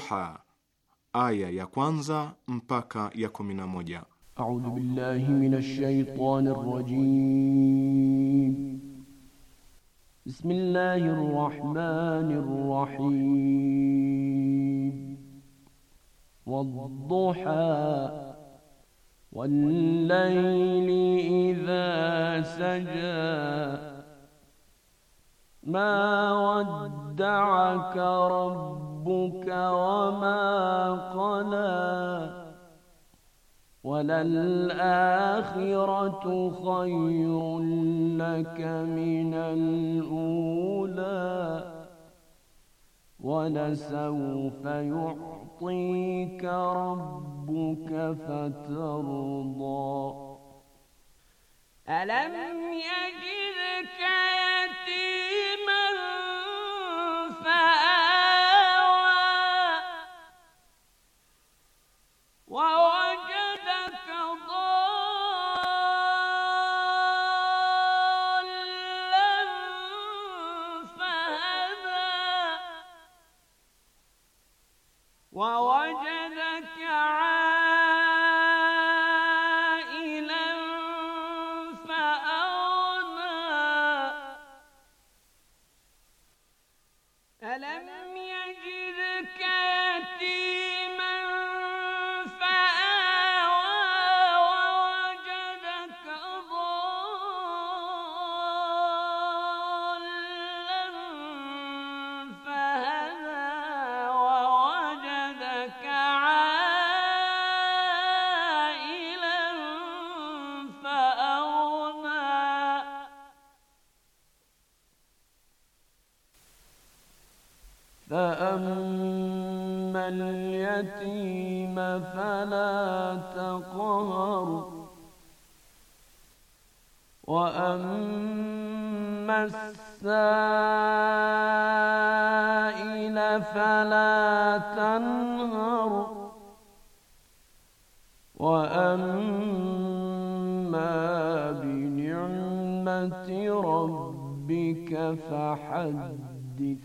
Duha aya ya kwanza mpaka ya kumi na moja. A'udhu billahi minash shaitani rajim. Bismillahir rahmanir rahim. Wadduha wallayli idha saja ma wadda'aka rabb ربك وما قلى وللآخرة خير لك من الأولى ولسوف يعطيك ربك فترضى ألم يجدك فلا تقهر وأما السائل فلا تنهر وأما بنعمة ربك فحدث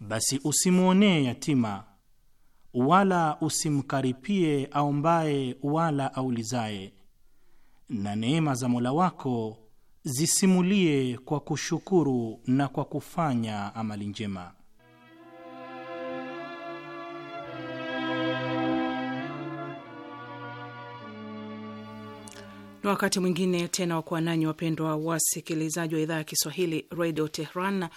basi usimwonee yatima wala usimkaripie aombaye wala aulizaye, na neema za Mola wako zisimulie kwa kushukuru na kwa kufanya amali njema. Na wakati mwingine tena wakuwa nanyi, wapendwa wasikilizaji wa idhaa ya Kiswahili Radio Tehran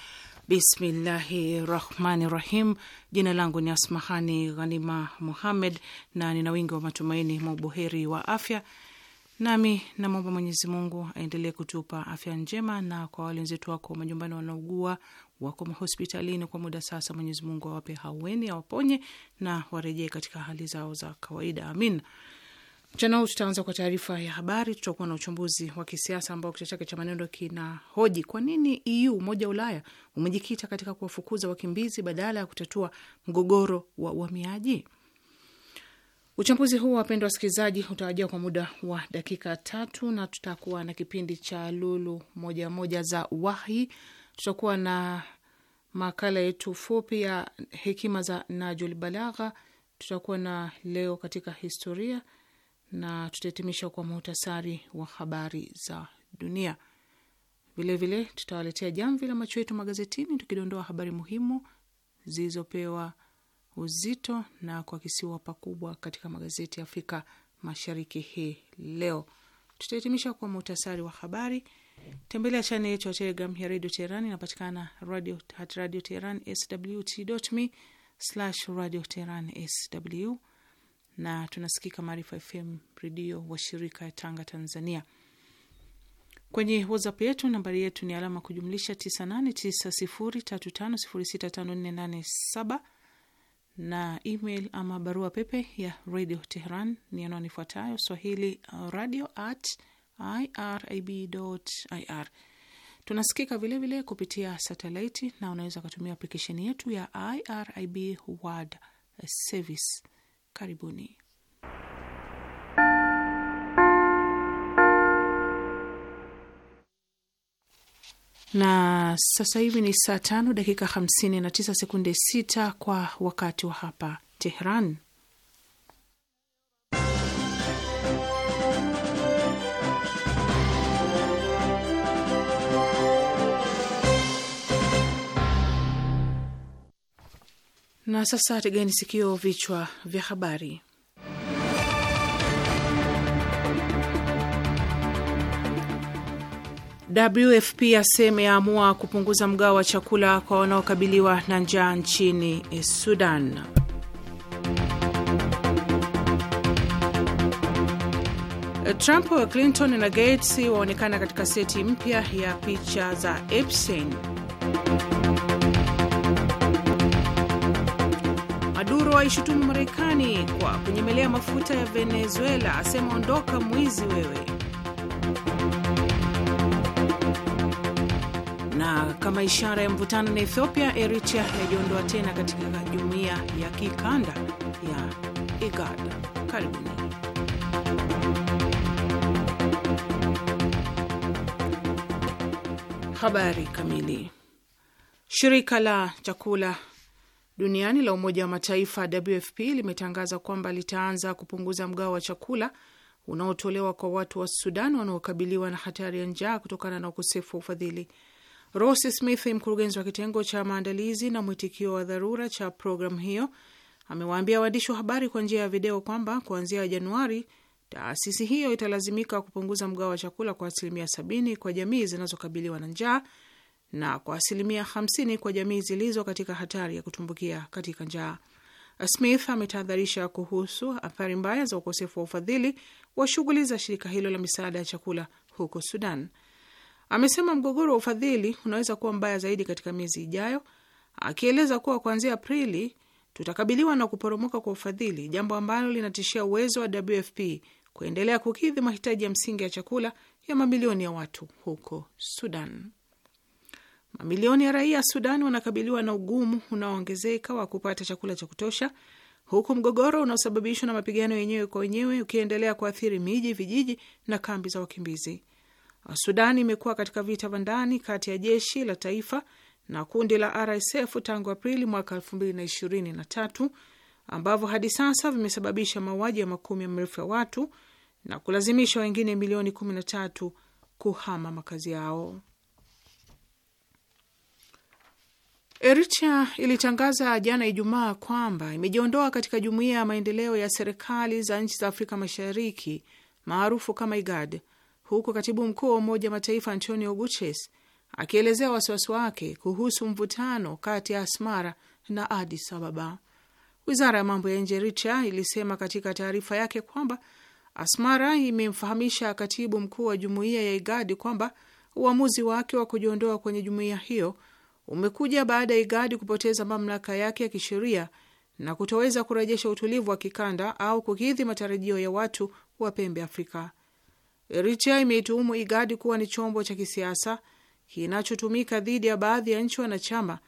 Bismillahi rahmani rahim. Jina langu ni Asmahani Ghanima Muhammed na nina wingi wa matumaini mauboheri wa afya, nami namwomba Mwenyezi Mungu aendelee kutupa afya njema, na kwa wale wenzetu wako majumbani wanaugua, wako mahospitalini kwa muda sasa, Mwenyezi Mungu awape haweni awaponye na warejee katika hali zao za kawaida, amin. Mchana huu tutaanza kwa taarifa ya habari. Tutakuwa na uchambuzi wa kisiasa ambao kichwa chake cha maneno kina hoji kwa nini EU umoja wa Ulaya umejikita katika kuwafukuza wakimbizi badala ya kutatua mgogoro wa uhamiaji. Uchambuzi huu, wapendwa wasikilizaji, utawajia kwa muda wa dakika tatu na tutakuwa na kipindi cha lulu moja moja za wahi. Tutakuwa na makala yetu fupi ya hekima za Najul Balagha. Tutakuwa na leo katika historia na tutahitimisha kwa muhtasari wa habari za dunia. Vilevile tutawaletea jamvi la macho yetu magazetini, tukidondoa habari muhimu zilizopewa uzito na kuakisiwa pakubwa katika magazeti ya Afrika Mashariki hii leo. Tutahitimisha kwa muhtasari wa habari. Tembelea chane yetu ya Telegram ya Redio Teheran, inapatikana radio at radio teheran swt.me slash radio teheran sw na tunasikika Maarifa FM redio wa shirika ya Tanga, Tanzania. Kwenye WhatsApp yetu nambari yetu ni alama kujumlisha 989035065487 na email ama barua pepe ya Radio Tehran ni anwani ifuatayo swahili uh, radio at irib ir. Tunasikika vilevile vile kupitia satelaiti na unaweza ukatumia aplikesheni yetu ya IRIB World Service. Karibuni. Na sasa hivi ni saa tano dakika hamsini na tisa sekunde sita kwa wakati wa hapa Tehran. Na sasa tegeni sikio, vichwa vya habari. WFP aseme yaamua kupunguza mgao wa chakula kwa wanaokabiliwa na njaa nchini Sudan. Trump, Clinton na Gates waonekana katika seti mpya ya picha za Epstein. awaishutumu Marekani kwa kunyemelea mafuta ya Venezuela, asema ondoka mwizi wewe. Na kama ishara ya mvutano na Ethiopia, Eritrea yajiondoa tena katika jumuiya ya kikanda ya IGAD. Karibuni. Habari kamili. Shirika la chakula duniani la Umoja wa Mataifa WFP limetangaza kwamba litaanza kupunguza mgao wa chakula unaotolewa kwa watu wa Sudan wanaokabiliwa na hatari ya njaa kutokana na ukosefu wa ufadhili. Rose Smith, mkurugenzi wa kitengo cha maandalizi na mwitikio wa dharura cha programu hiyo, amewaambia waandishi wa habari kwa njia ya video kwamba kuanzia Januari taasisi hiyo italazimika kupunguza mgao wa chakula kwa asilimia sabini kwa jamii zinazokabiliwa na njaa na kwa asilimia 50 kwa jamii zilizo katika hatari ya kutumbukia katika njaa. Smith ametahadharisha kuhusu athari mbaya za ukosefu wa ufadhili wa shughuli za shirika hilo la misaada ya chakula huko Sudan. Amesema mgogoro wa ufadhili unaweza kuwa mbaya zaidi katika miezi ijayo, akieleza kuwa kuanzia Aprili tutakabiliwa na kuporomoka kwa ufadhili, jambo ambalo linatishia uwezo wa WFP kuendelea kukidhi mahitaji ya msingi ya chakula ya mamilioni ya watu huko Sudan. Mamilioni ya raia Sudani wanakabiliwa na ugumu unaoongezeka wa kupata chakula cha kutosha, huku mgogoro unaosababishwa na mapigano yenyewe kwa wenyewe ukiendelea kuathiri miji, vijiji na kambi za wakimbizi. Sudani imekuwa katika vita vya ndani kati ya jeshi la taifa na kundi la RSF tangu Aprili mwaka 2023 ambavyo hadi sasa vimesababisha mauaji ya makumi ya maelfu ya watu na kulazimisha wengine milioni 13 kuhama makazi yao. Eritrea ilitangaza jana Ijumaa kwamba imejiondoa katika jumuiya ya maendeleo ya serikali za nchi za Afrika Mashariki maarufu kama IGAD, huku katibu mkuu wa Umoja wa Mataifa Antonio Guterres akielezea wasiwasi wake kuhusu mvutano kati ya Asmara na Addis Ababa. Wizara ya mambo ya nje Eritrea ilisema katika taarifa yake kwamba Asmara imemfahamisha katibu mkuu wa jumuiya ya IGAD kwamba uamuzi wake wa kujiondoa kwenye jumuiya hiyo umekuja baada ya IGADI kupoteza mamlaka yake ya kisheria na kutoweza kurejesha utulivu wa kikanda au kukidhi matarajio ya watu wa pembe Afrika. Eritrea imeituhumu IGADI kuwa ni chombo cha kisiasa kinachotumika dhidi ya baadhi ya nchi wanachama,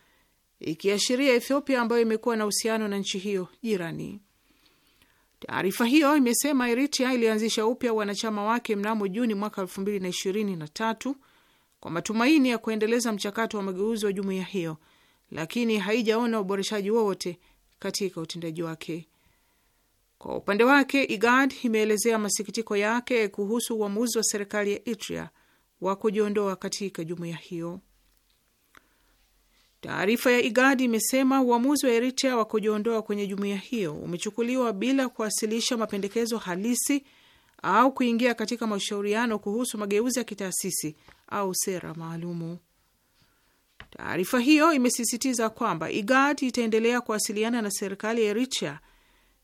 ikiashiria Ethiopia ambayo imekuwa na uhusiano na nchi hiyo jirani. Taarifa hiyo imesema Eritrea ilianzisha upya wanachama wake mnamo Juni mwaka 2023 kwa matumaini ya kuendeleza mchakato wa mageuzi wa jumuiya hiyo, lakini haijaona uboreshaji wowote katika utendaji wake. Kwa upande wake, IGAD imeelezea masikitiko yake kuhusu uamuzi wa serikali ya Eritrea wa kujiondoa katika jumuiya hiyo. Taarifa ya IGAD imesema uamuzi wa Eritrea wa kujiondoa kwenye jumuiya hiyo umechukuliwa bila kuwasilisha mapendekezo halisi au kuingia katika mashauriano kuhusu mageuzi ya kitaasisi au sera maalumu. Taarifa hiyo imesisitiza kwamba IGAD itaendelea kuwasiliana na serikali ya Eritrea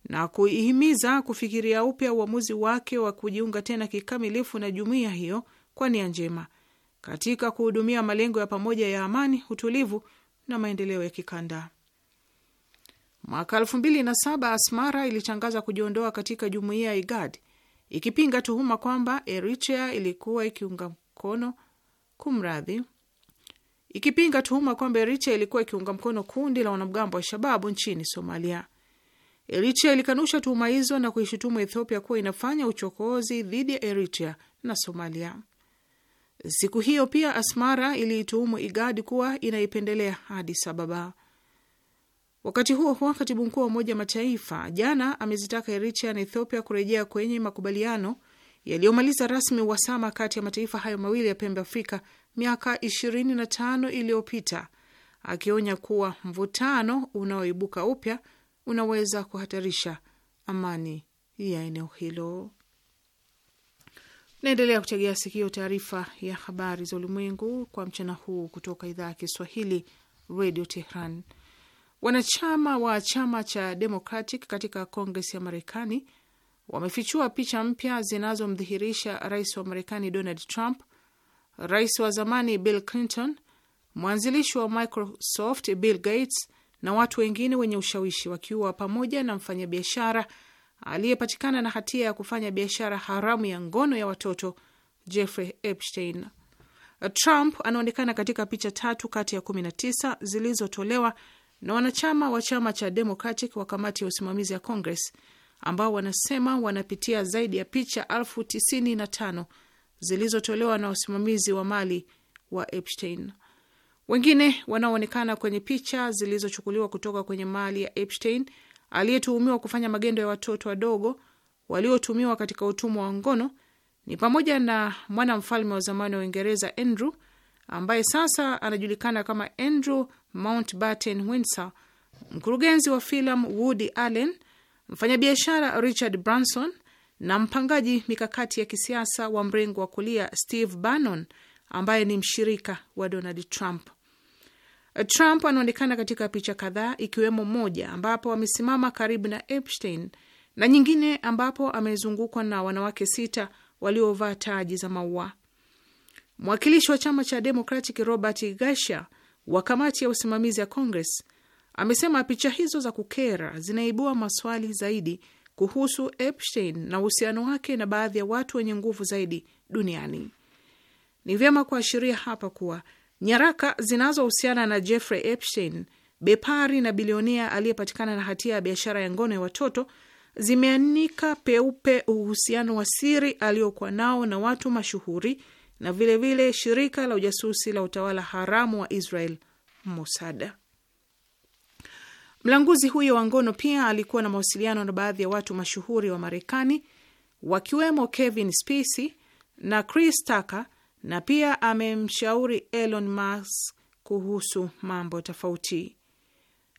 na kuihimiza kufikiria upya uamuzi wake wa kujiunga tena kikamilifu na jumuiya hiyo kwa nia njema katika kuhudumia malengo ya pamoja ya amani, utulivu na maendeleo ya kikanda. Mwaka elfu mbili na saba Asmara ilitangaza kujiondoa katika jumuiya ya IGAD ikipinga tuhuma kwamba Eritrea ilikuwa ikiunga mkono kumradhi, ikipinga tuhuma kwamba Eritrea ilikuwa ikiunga mkono kundi la wanamgambo wa Shababu nchini Somalia. Eritrea ilikanusha tuhuma hizo na kuishutumu Ethiopia kuwa inafanya uchokozi dhidi ya Eritrea na Somalia. Siku hiyo pia, Asmara iliituhumu Igadi kuwa inaipendelea Adis Ababa. Wakati huo huo, katibu mkuu wa Umoja Mataifa jana amezitaka Eritrea na Ethiopia kurejea kwenye makubaliano yaliyomaliza rasmi uhasama kati ya mataifa hayo mawili ya pembe Afrika miaka 25 iliyopita, akionya kuwa mvutano unaoibuka upya unaweza kuhatarisha amani ya eneo hilo. Naendelea kutegea sikio taarifa ya habari za ulimwengu kwa mchana huu kutoka idhaa ya Kiswahili, Radio Tehran. Wanachama wa chama cha Democratic katika Kongres ya Marekani wamefichua picha mpya zinazomdhihirisha rais wa Marekani Donald Trump, rais wa zamani Bill Clinton, mwanzilishi wa Microsoft Bill Gates na watu wengine wenye ushawishi wakiwa pamoja na mfanyabiashara aliyepatikana na hatia ya kufanya biashara haramu ya ngono ya watoto Jeffrey Epstein. Trump anaonekana katika picha tatu kati ya 19 zilizotolewa na wanachama wa chama cha Democratic wa kamati ya usimamizi ya Congress ambao wanasema wanapitia zaidi ya picha elfu tisini na tano zilizotolewa na wasimamizi wa mali wa Epstein. Wengine wanaoonekana kwenye picha zilizochukuliwa kutoka kwenye mali ya Epstein, aliyetuhumiwa kufanya magendo ya watoto wadogo waliotumiwa katika utumwa wa ngono ni pamoja na mwanamfalme wa zamani wa Uingereza Andrew ambaye sasa anajulikana kama Andrew Mountbatten Windsor, mkurugenzi wa filamu Woody Allen, mfanyabiashara Richard Branson na mpangaji mikakati ya kisiasa wa mrengo wa kulia Steve Bannon ambaye ni mshirika wa Donald Trump. Trump anaonekana katika picha kadhaa ikiwemo moja ambapo amesimama karibu na Epstein na nyingine ambapo amezungukwa na wanawake sita waliovaa taji za maua. Mwakilishi wa chama cha Democratic Robert Gasher wa kamati ya usimamizi ya Congress amesema picha hizo za kukera zinaibua maswali zaidi kuhusu Epstein na uhusiano wake na baadhi ya watu wenye nguvu zaidi duniani. Ni vyema kuashiria hapa kuwa nyaraka zinazohusiana na Jeffrey Epstein, bepari na bilionea aliyepatikana na hatia ya biashara ya ngono ya watoto, zimeanika peupe uhusiano wa siri aliokuwa nao na watu mashuhuri na vilevile vile shirika la ujasusi la utawala haramu wa Israel Mossad. Mlanguzi huyo wa ngono pia alikuwa na mawasiliano na baadhi ya watu mashuhuri wa Marekani wakiwemo Kevin Spacey na Chris Tucker, na pia amemshauri Elon Musk kuhusu mambo tofauti.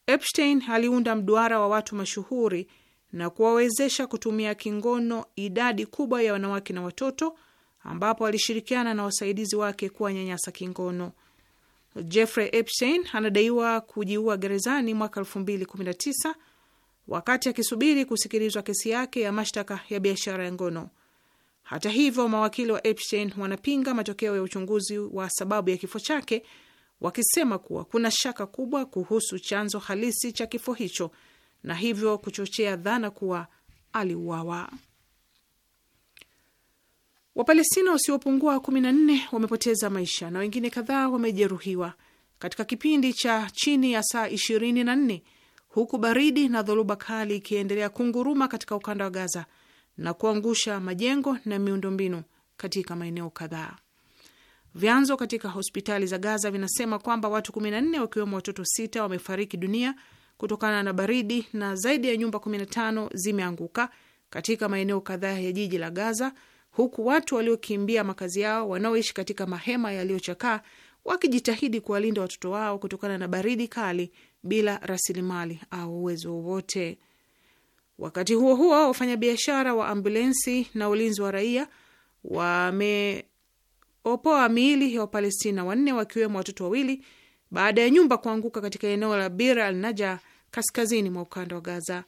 Epstein aliunda mduara wa watu mashuhuri na kuwawezesha kutumia kingono idadi kubwa ya wanawake na watoto ambapo alishirikiana na wasaidizi wake kuwa nyanyasa kingono. Jeffrey Epstein anadaiwa kujiua gerezani mwaka tisa wakati akisubiri kusikilizwa kesi yake ya mashtaka ya biashara ya ngono. Hata hivyo, mawakili wa Epstein wanapinga matokeo ya uchunguzi wa sababu ya kifo chake, wakisema kuwa kuna shaka kubwa kuhusu chanzo halisi cha kifo hicho na hivyo kuchochea dhana kuwa aliuawa. Wapalestina wasiopungua 14 wamepoteza maisha na wengine kadhaa wamejeruhiwa katika kipindi cha chini ya saa 24 huku baridi na dhoruba kali ikiendelea kunguruma katika ukanda wa Gaza na kuangusha majengo na miundombinu katika maeneo kadhaa. Vyanzo katika hospitali za Gaza vinasema kwamba watu 14 wakiwemo watoto sita wamefariki dunia kutokana na baridi na zaidi ya nyumba 15 zimeanguka katika maeneo kadhaa ya jiji la Gaza huku watu waliokimbia makazi yao wanaoishi katika mahema yaliyochakaa wakijitahidi kuwalinda watoto wao kutokana na baridi kali bila rasilimali au uwezo wowote. Wakati huo huo, wafanyabiashara wa ambulensi na ulinzi wa raia wameopoa miili ya Wapalestina wanne wakiwemo watoto wawili baada ya nyumba kuanguka katika eneo la Bir al Naja kaskazini mwa ukanda wa Gaza.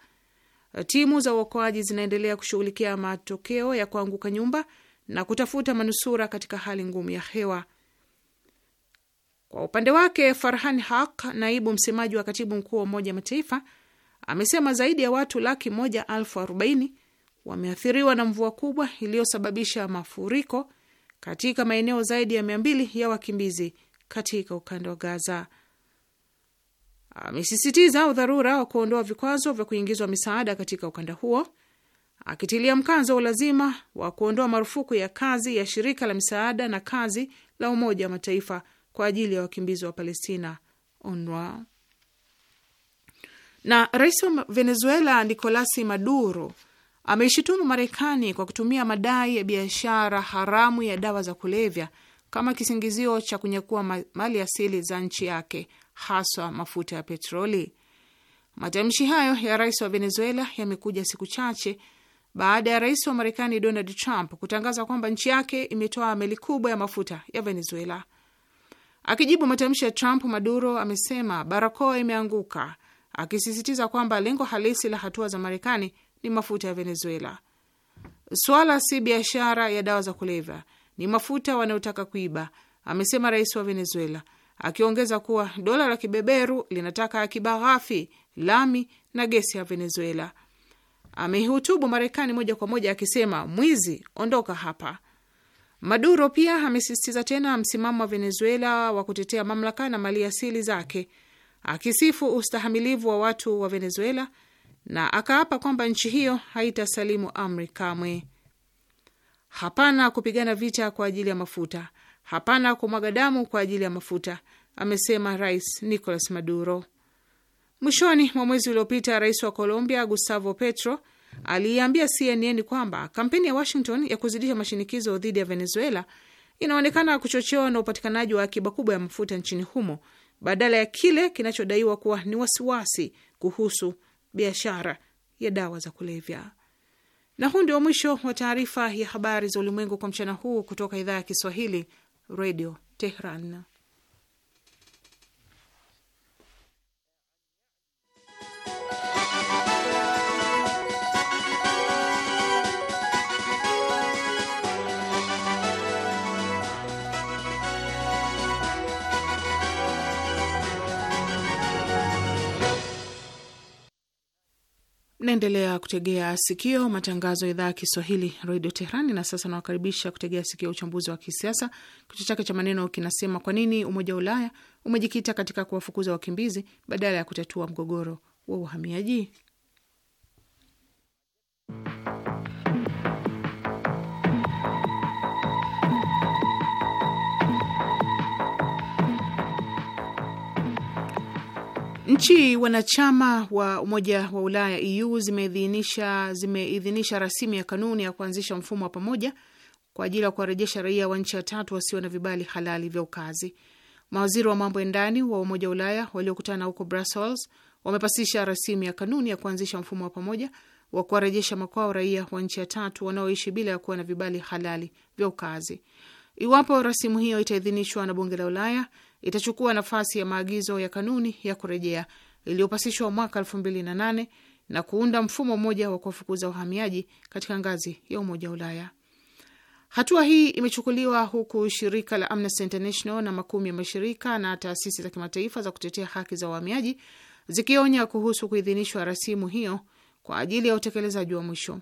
Timu za uokoaji zinaendelea kushughulikia matokeo ya kuanguka nyumba na kutafuta manusura katika hali ngumu ya hewa. Kwa upande wake, Farhan Haq, naibu msemaji wa katibu mkuu wa Umoja Mataifa, amesema zaidi ya watu laki moja elfu arobaini wameathiriwa na mvua kubwa iliyosababisha mafuriko katika maeneo zaidi ya mia mbili ya wakimbizi katika ukanda wa Gaza amesisitiza ah, udharura wa kuondoa vikwazo vya kuingizwa misaada katika ukanda huo, akitilia mkazo ulazima wa kuondoa marufuku ya kazi ya shirika la misaada na kazi la Umoja wa Mataifa kwa ajili ya wakimbizi wa Palestina, UNRWA. Na rais wa Venezuela Nicolas Maduro ameishitumu Marekani kwa kutumia madai ya biashara haramu ya dawa za kulevya kama kisingizio cha kunyakua mali asili za nchi yake haswa mafuta ya petroli. Matamshi hayo ya rais wa Venezuela yamekuja siku chache baada ya rais wa Marekani Donald Trump kutangaza kwamba nchi yake imetoa meli kubwa ya mafuta ya Venezuela. Akijibu matamshi ya Trump, Maduro amesema barakoa imeanguka, akisisitiza kwamba lengo halisi la hatua za Marekani ni mafuta ya Venezuela. Swala si biashara ya dawa za kulevya, ni mafuta wanayotaka kuiba, amesema rais wa Venezuela akiongeza kuwa dola la kibeberu linataka akiba ghafi, lami na gesi ya Venezuela. amehutubu Marekani moja kwa moja akisema, mwizi ondoka hapa. Maduro pia amesisitiza tena msimamo wa Venezuela wa kutetea mamlaka na mali asili zake, akisifu ustahamilivu wa watu wa Venezuela na akaapa kwamba nchi hiyo haitasalimu amri kamwe. Hapana kupigana vita kwa ajili ya mafuta, hapana kumwaga damu kwa ajili ya mafuta, amesema Rais Nicolas Maduro. Mwishoni mwa mwezi uliopita, rais wa Colombia Gustavo Petro aliiambia CNN kwamba kampeni ya Washington ya kuzidisha mashinikizo dhidi ya Venezuela inaonekana kuchochewa na upatikanaji wa akiba kubwa ya mafuta nchini humo badala ya kile kinachodaiwa kuwa ni wasiwasi kuhusu biashara ya dawa za kulevya. Na huu ndio mwisho wa taarifa ya habari za ulimwengu kwa mchana huu kutoka idhaa ya Kiswahili, Redio Tehran. Mnaendelea kutegea sikio matangazo ya idhaa ya Kiswahili redio Teherani. Na sasa nawakaribisha kutegea sikio uchambuzi wa kisiasa. Kichwa chake cha maneno kinasema kwa nini Umoja wa Ulaya umejikita katika kuwafukuza wakimbizi badala ya kutatua mgogoro wa uhamiaji. Nchi wanachama wa Umoja wa Ulaya EU zimeidhinisha zimeidhinisha rasimu ya kanuni ya kuanzisha mfumo wa pamoja kwa ajili ya kuwarejesha raia wa nchi ya tatu wasio na vibali halali vya ukazi. Mawaziri wa mambo ya ndani wa Umoja wa Ulaya waliokutana huko Brussels wamepasisha rasimu ya kanuni ya kuanzisha mfumo wa pamoja wa kuwarejesha makwao raia wa nchi ya tatu wanaoishi bila ya kuwa na vibali halali vya ukazi. Iwapo rasimu hiyo itaidhinishwa na bunge la Ulaya, itachukua nafasi ya maagizo ya kanuni ya kurejea iliyopasishwa mwaka elfu mbili na nane na kuunda mfumo mmoja wa kuwafukuza wahamiaji katika ngazi ya Umoja wa Ulaya. Hatua hii imechukuliwa huku shirika la Amnesty International na makumi ya mashirika na taasisi za kimataifa za kutetea haki za wahamiaji zikionya kuhusu kuidhinishwa rasimu hiyo kwa ajili ya utekelezaji wa mwisho.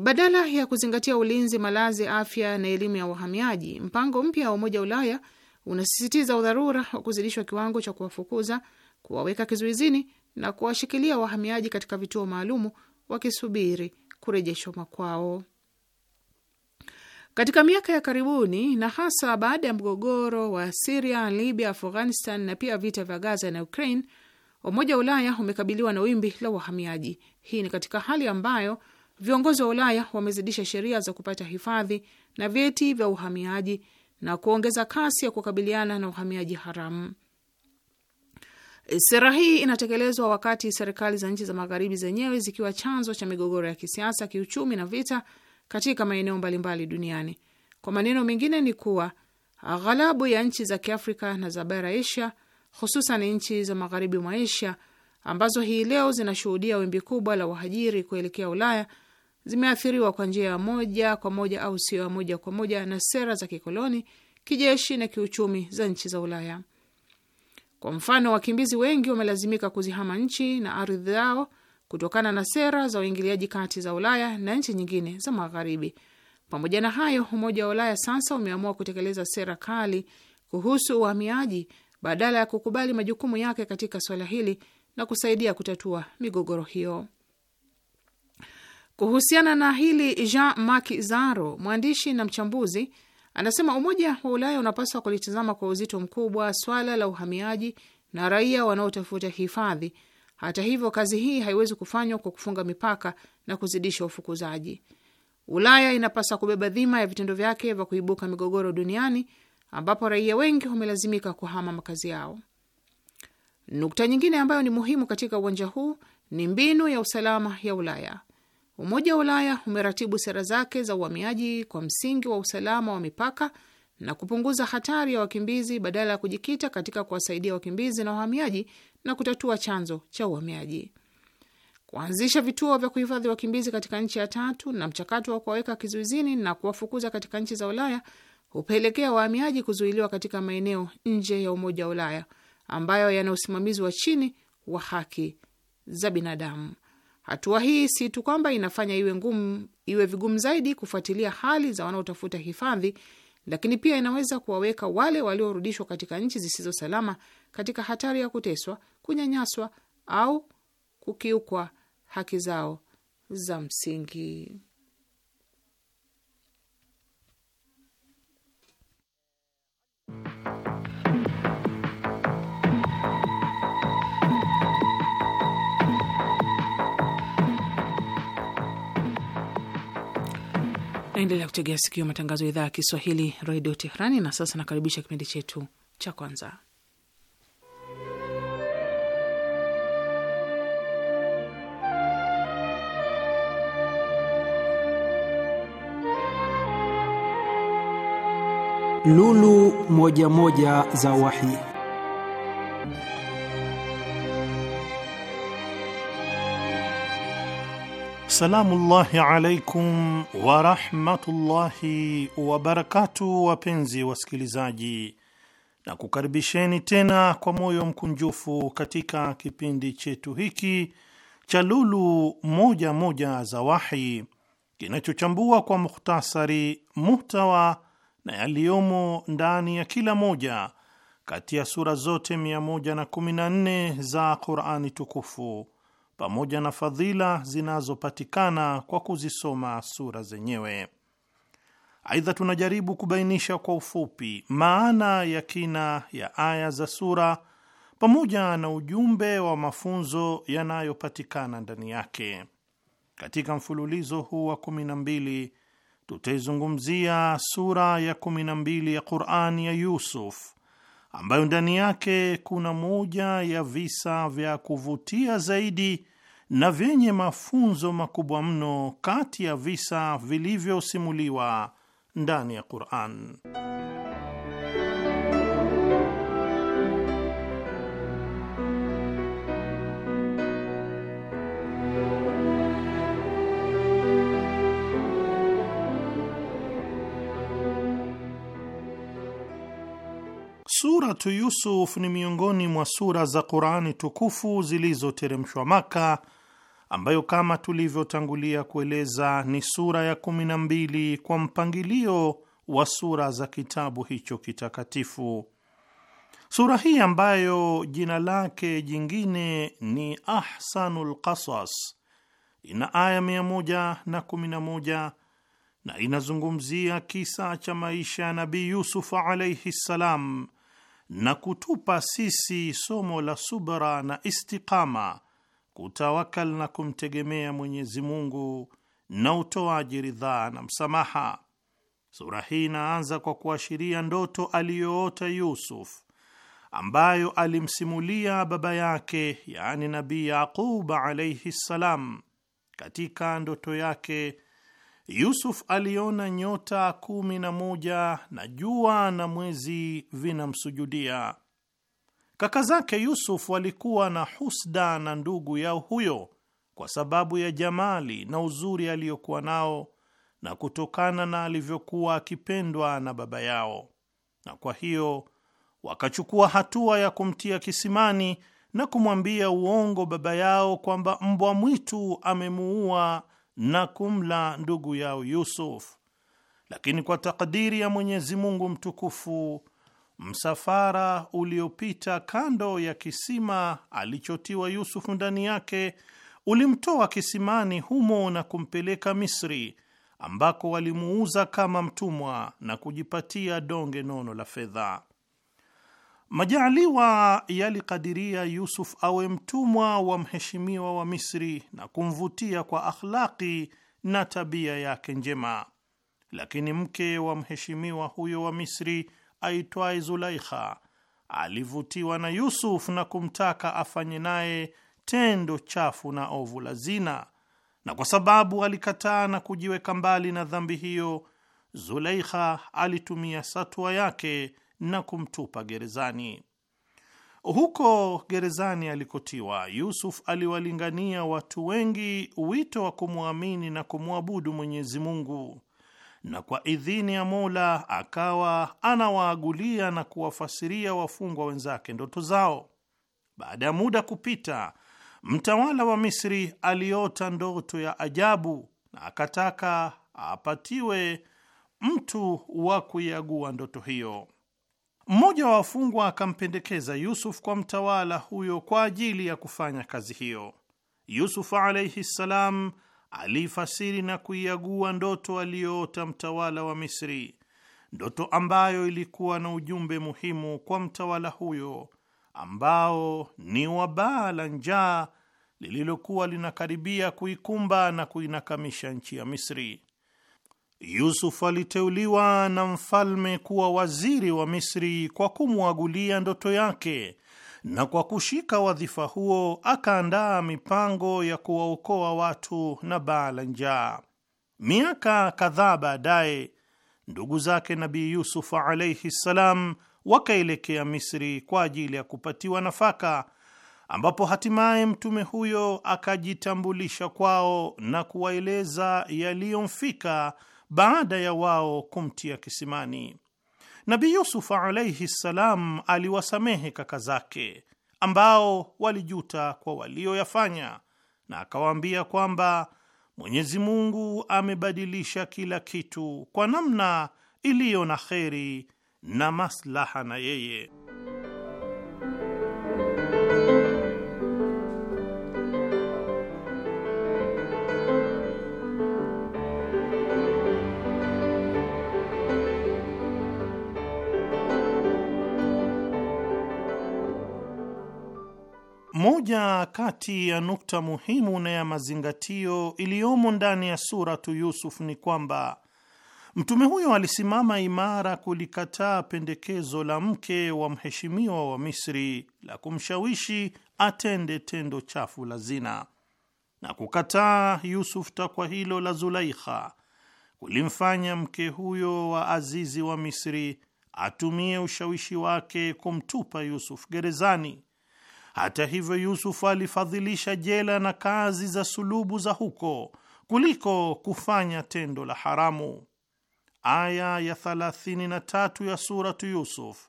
Badala ya kuzingatia ulinzi, malazi, afya na elimu ya wahamiaji, mpango mpya wa Umoja wa Ulaya unasisitiza udharura wa kuzidishwa kiwango cha kuwafukuza, kuwaweka kizuizini na kuwashikilia wahamiaji katika vituo maalumu wakisubiri kurejeshwa makwao. Katika miaka ya karibuni na hasa baada ya mgogoro wa Siria, Libya, Afghanistan na pia vita vya Gaza na Ukraine, Umoja wa Ulaya umekabiliwa na wimbi la wahamiaji. Hii ni katika hali ambayo viongozi wa Ulaya wamezidisha sheria za kupata hifadhi na vyeti vya uhamiaji na kuongeza kasi ya kukabiliana na uhamiaji haramu. Sera hii inatekelezwa wakati serikali za nchi za magharibi zenyewe zikiwa chanzo cha migogoro ya kisiasa, kiuchumi na vita katika maeneo mbalimbali duniani. Kwa maneno mengine, ni kuwa ghalabu ya nchi za Kiafrika na za bara Asia, hususan nchi za magharibi mwa Asia ambazo hii leo zinashuhudia wimbi kubwa la wahajiri kuelekea Ulaya zimeathiriwa kwa njia ya moja kwa moja au sio ya moja kwa moja na sera za kikoloni, kijeshi na kiuchumi za nchi za Ulaya. Kwa mfano, wakimbizi wengi wamelazimika kuzihama nchi na ardhi yao kutokana na sera za uingiliaji kati za Ulaya na nchi nyingine za Magharibi. Pamoja na hayo, Umoja wa Ulaya sasa umeamua kutekeleza sera kali kuhusu uhamiaji badala ya kukubali majukumu yake katika swala hili na kusaidia kutatua migogoro hiyo. Kuhusiana na hili, Jean Marc Zaro, mwandishi na mchambuzi, anasema Umoja wa Ulaya unapaswa kulitazama kwa uzito mkubwa swala la uhamiaji na raia wanaotafuta hifadhi. Hata hivyo, kazi hii haiwezi kufanywa kwa kufunga mipaka na kuzidisha ufukuzaji. Ulaya inapaswa kubeba dhima ya vitendo vyake vya kuibuka migogoro duniani ambapo raia wengi wamelazimika kuhama makazi yao. Nukta nyingine ambayo ni muhimu katika uwanja huu ni mbinu ya usalama ya Ulaya. Umoja wa Ulaya umeratibu sera zake za uhamiaji kwa msingi wa usalama wa mipaka na kupunguza hatari ya wakimbizi badala ya kujikita katika kuwasaidia wakimbizi na wahamiaji na kutatua chanzo cha uhamiaji. Kuanzisha vituo vya kuhifadhi wakimbizi katika nchi ya tatu na mchakato wa kuwaweka kizuizini na kuwafukuza katika nchi za Ulaya hupelekea wahamiaji kuzuiliwa katika maeneo nje ya Umoja wa Ulaya ambayo yana usimamizi wa chini wa haki za binadamu. Hatua hii si tu kwamba inafanya iwe ngumu, iwe vigumu zaidi kufuatilia hali za wanaotafuta hifadhi, lakini pia inaweza kuwaweka wale waliorudishwa katika nchi zisizo salama katika hatari ya kuteswa, kunyanyaswa au kukiukwa haki zao za msingi. Naendelea kutegea sikio matangazo ya idhaa ya Kiswahili redio Tehrani. Na sasa nakaribisha kipindi chetu cha kwanza, Lulu Moja Moja za Wahi. Salamu llahi alaikum warahmatullahi wabarakatu, wapenzi wasikilizaji, na kukaribisheni tena kwa moyo mkunjufu katika kipindi chetu hiki cha Lulu Moja Moja za Wahi kinachochambua kwa mukhtasari muhtawa na yaliyomo ndani ya kila moja kati ya sura zote 114 za Qur'ani tukufu pamoja na fadhila zinazopatikana kwa kuzisoma sura zenyewe. Aidha, tunajaribu kubainisha kwa ufupi maana ya kina ya aya za sura pamoja na ujumbe wa mafunzo yanayopatikana ndani yake. Katika mfululizo huu wa mbili tutaizungumzia sura ya mbili ya Qur'ani ya Yusuf ambayo ndani yake kuna moja ya visa vya kuvutia zaidi na vyenye mafunzo makubwa mno kati ya visa vilivyosimuliwa ndani ya Qur'an. Suratu Yusuf ni miongoni mwa sura za Qurani tukufu zilizoteremshwa Maka, ambayo kama tulivyotangulia kueleza ni sura ya kumi na mbili kwa mpangilio wa sura za kitabu hicho kitakatifu. Sura hii ambayo jina lake jingine ni Ahsanul Qasas ina aya 111 na inazungumzia kisa cha maisha ya Nabii Yusuf alaihi ssalam, na kutupa sisi somo la subra na istiqama, kutawakal na kumtegemea Mwenyezi Mungu na utoaji ridhaa na msamaha. Sura hii inaanza kwa kuashiria ndoto aliyoota Yusuf ambayo alimsimulia baba yake, yaani Nabii Yaqub alaihi ssalam. Katika ndoto yake Yusuf aliona nyota kumi na moja na jua na mwezi vinamsujudia. Kaka zake Yusuf walikuwa na husda na ndugu yao huyo kwa sababu ya jamali na uzuri aliyokuwa nao na kutokana na alivyokuwa akipendwa na baba yao, na kwa hiyo wakachukua hatua ya kumtia kisimani na kumwambia uongo baba yao kwamba mbwa mwitu amemuua na kumla ndugu yao Yusuf, lakini kwa takdiri ya Mwenyezi Mungu mtukufu msafara uliopita kando ya kisima alichotiwa Yusufu ndani yake ulimtoa kisimani humo na kumpeleka Misri ambako walimuuza kama mtumwa na kujipatia donge nono la fedha. Majaliwa yalikadiria Yusuf awe mtumwa wa mheshimiwa wa Misri na kumvutia kwa akhlaki na tabia yake njema, lakini mke wa mheshimiwa huyo wa Misri aitwaye Zulaikha alivutiwa na Yusuf na kumtaka afanye naye tendo chafu na ovu la zina, na kwa sababu alikataa na kujiweka mbali na dhambi hiyo, Zulaikha alitumia satwa yake na kumtupa gerezani. Huko gerezani alikotiwa, Yusuf aliwalingania watu wengi wito wa kumwamini na kumwabudu Mwenyezi Mungu, na kwa idhini ya Mola akawa anawaagulia na kuwafasiria wafungwa wenzake ndoto zao. Baada ya muda kupita, mtawala wa Misri aliota ndoto ya ajabu na akataka apatiwe mtu wa kuiagua ndoto hiyo. Mmoja wa wafungwa akampendekeza Yusuf kwa mtawala huyo kwa ajili ya kufanya kazi hiyo. yusuf alaihi ssalam aliifasiri na kuiagua ndoto aliyoota mtawala wa Misri, ndoto ambayo ilikuwa na ujumbe muhimu kwa mtawala huyo ambao ni wabaa la njaa lililokuwa linakaribia kuikumba na kuinakamisha nchi ya Misri yusuf aliteuliwa na mfalme kuwa waziri wa Misri kwa kumwagulia ndoto yake, na kwa kushika wadhifa huo akaandaa mipango ya kuwaokoa watu na baa la njaa. Miaka kadhaa baadaye, ndugu zake Nabii yusuf alaihi ssalam wakaelekea Misri kwa ajili ya kupatiwa nafaka, ambapo hatimaye mtume huyo akajitambulisha kwao na kuwaeleza yaliyomfika baada ya wao kumtia kisimani. Nabi Yusuf alaihi ssalam aliwasamehe kaka zake ambao walijuta kwa walioyafanya, na akawaambia kwamba Mwenyezi Mungu amebadilisha kila kitu kwa namna iliyo na kheri na maslaha na yeye Moja kati ya nukta muhimu na ya mazingatio iliyomo ndani ya Suratu Yusuf ni kwamba mtume huyo alisimama imara kulikataa pendekezo la mke wa mheshimiwa wa Misri la kumshawishi atende tendo chafu la zina, na kukataa Yusuf takwa hilo la Zulaikha kulimfanya mke huyo wa Azizi wa Misri atumie ushawishi wake kumtupa Yusuf gerezani hata hivyo, Yusufu alifadhilisha jela na kazi za sulubu za huko kuliko kufanya tendo la haramu. Aya ya 33 ya Suratu Yusuf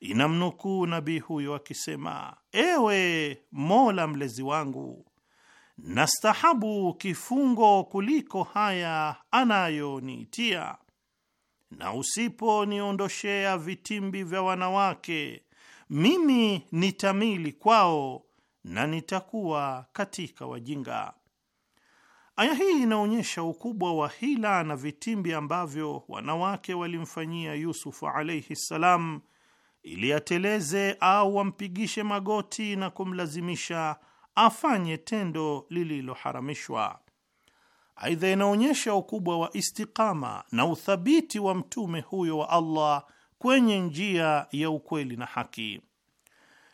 inamnukuu nabii huyo akisema, ewe Mola mlezi wangu, nastahabu kifungo kuliko haya anayoniitia, na usiponiondoshea vitimbi vya wanawake mimi nitamili kwao na nitakuwa katika wajinga. Aya hii inaonyesha ukubwa wa hila na vitimbi ambavyo wanawake walimfanyia Yusufu alaihi ssalam, ili ateleze au wampigishe magoti na kumlazimisha afanye tendo lililoharamishwa. Aidha, inaonyesha ukubwa wa istikama na uthabiti wa mtume huyo wa Allah kwenye njia ya ukweli na haki.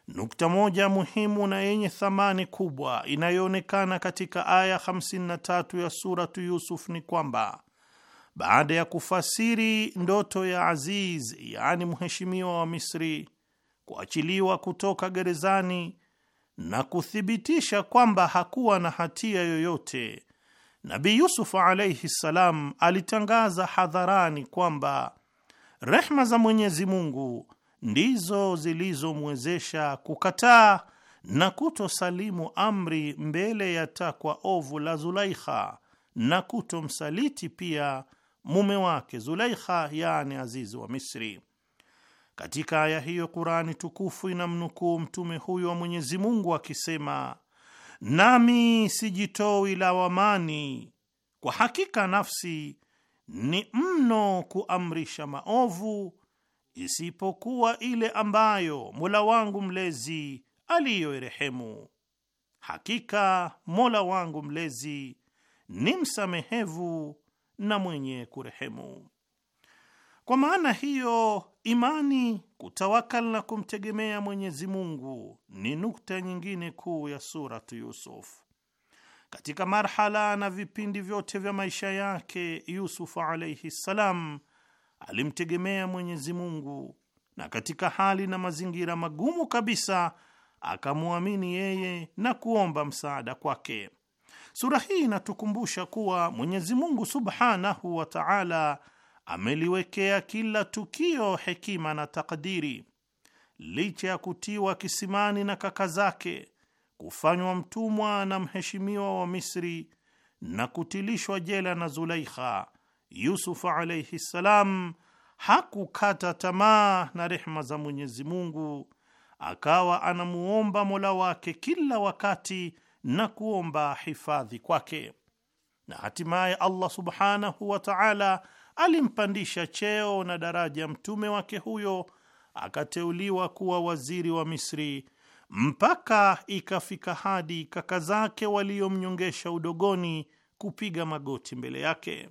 Nukta moja muhimu na yenye thamani kubwa inayoonekana katika aya 53 ya suratu Yusuf ni kwamba baada ya kufasiri ndoto ya Aziz, yaani mheshimiwa wa Misri, kuachiliwa kutoka gerezani na kuthibitisha kwamba hakuwa na hatia yoyote, Nabii Yusufu alaihi ssalam alitangaza hadharani kwamba Rehma za Mwenyezi Mungu ndizo zilizomwezesha kukataa na kutosalimu amri mbele ya takwa ovu la Zulaikha na kutomsaliti pia mume wake Zulaikha, yaani Azizi wa Misri. Katika aya hiyo Kurani tukufu inamnukuu mtume huyo wa Mwenyezi Mungu akisema, nami sijitoi lawamani, kwa hakika nafsi ni mno kuamrisha maovu, isipokuwa ile ambayo Mola wangu mlezi aliyoirehemu. Hakika Mola wangu mlezi ni msamehevu na mwenye kurehemu. Kwa maana hiyo, imani, kutawakal na kumtegemea Mwenyezi Mungu ni nukta nyingine kuu ya Suratu Yusuf. Katika marhala na vipindi vyote vya maisha yake Yusufu alaihi ssalam alimtegemea Mwenyezi Mungu, na katika hali na mazingira magumu kabisa akamwamini yeye na kuomba msaada kwake. Sura hii inatukumbusha kuwa Mwenyezi Mungu subhanahu wa taala ameliwekea kila tukio hekima na takdiri, licha ya kutiwa kisimani na kaka zake kufanywa mtumwa na mheshimiwa wa Misri na kutilishwa jela na Zulaikha, Yusufu alaihi ssalam hakukata tamaa na rehma za Mwenyezi Mungu, akawa anamuomba Mola wake kila wakati na kuomba hifadhi kwake, na hatimaye Allah subhanahu wa taala alimpandisha cheo na daraja mtume wake huyo akateuliwa kuwa waziri wa Misri mpaka ikafika hadi kaka zake waliomnyongesha udogoni kupiga magoti mbele yake.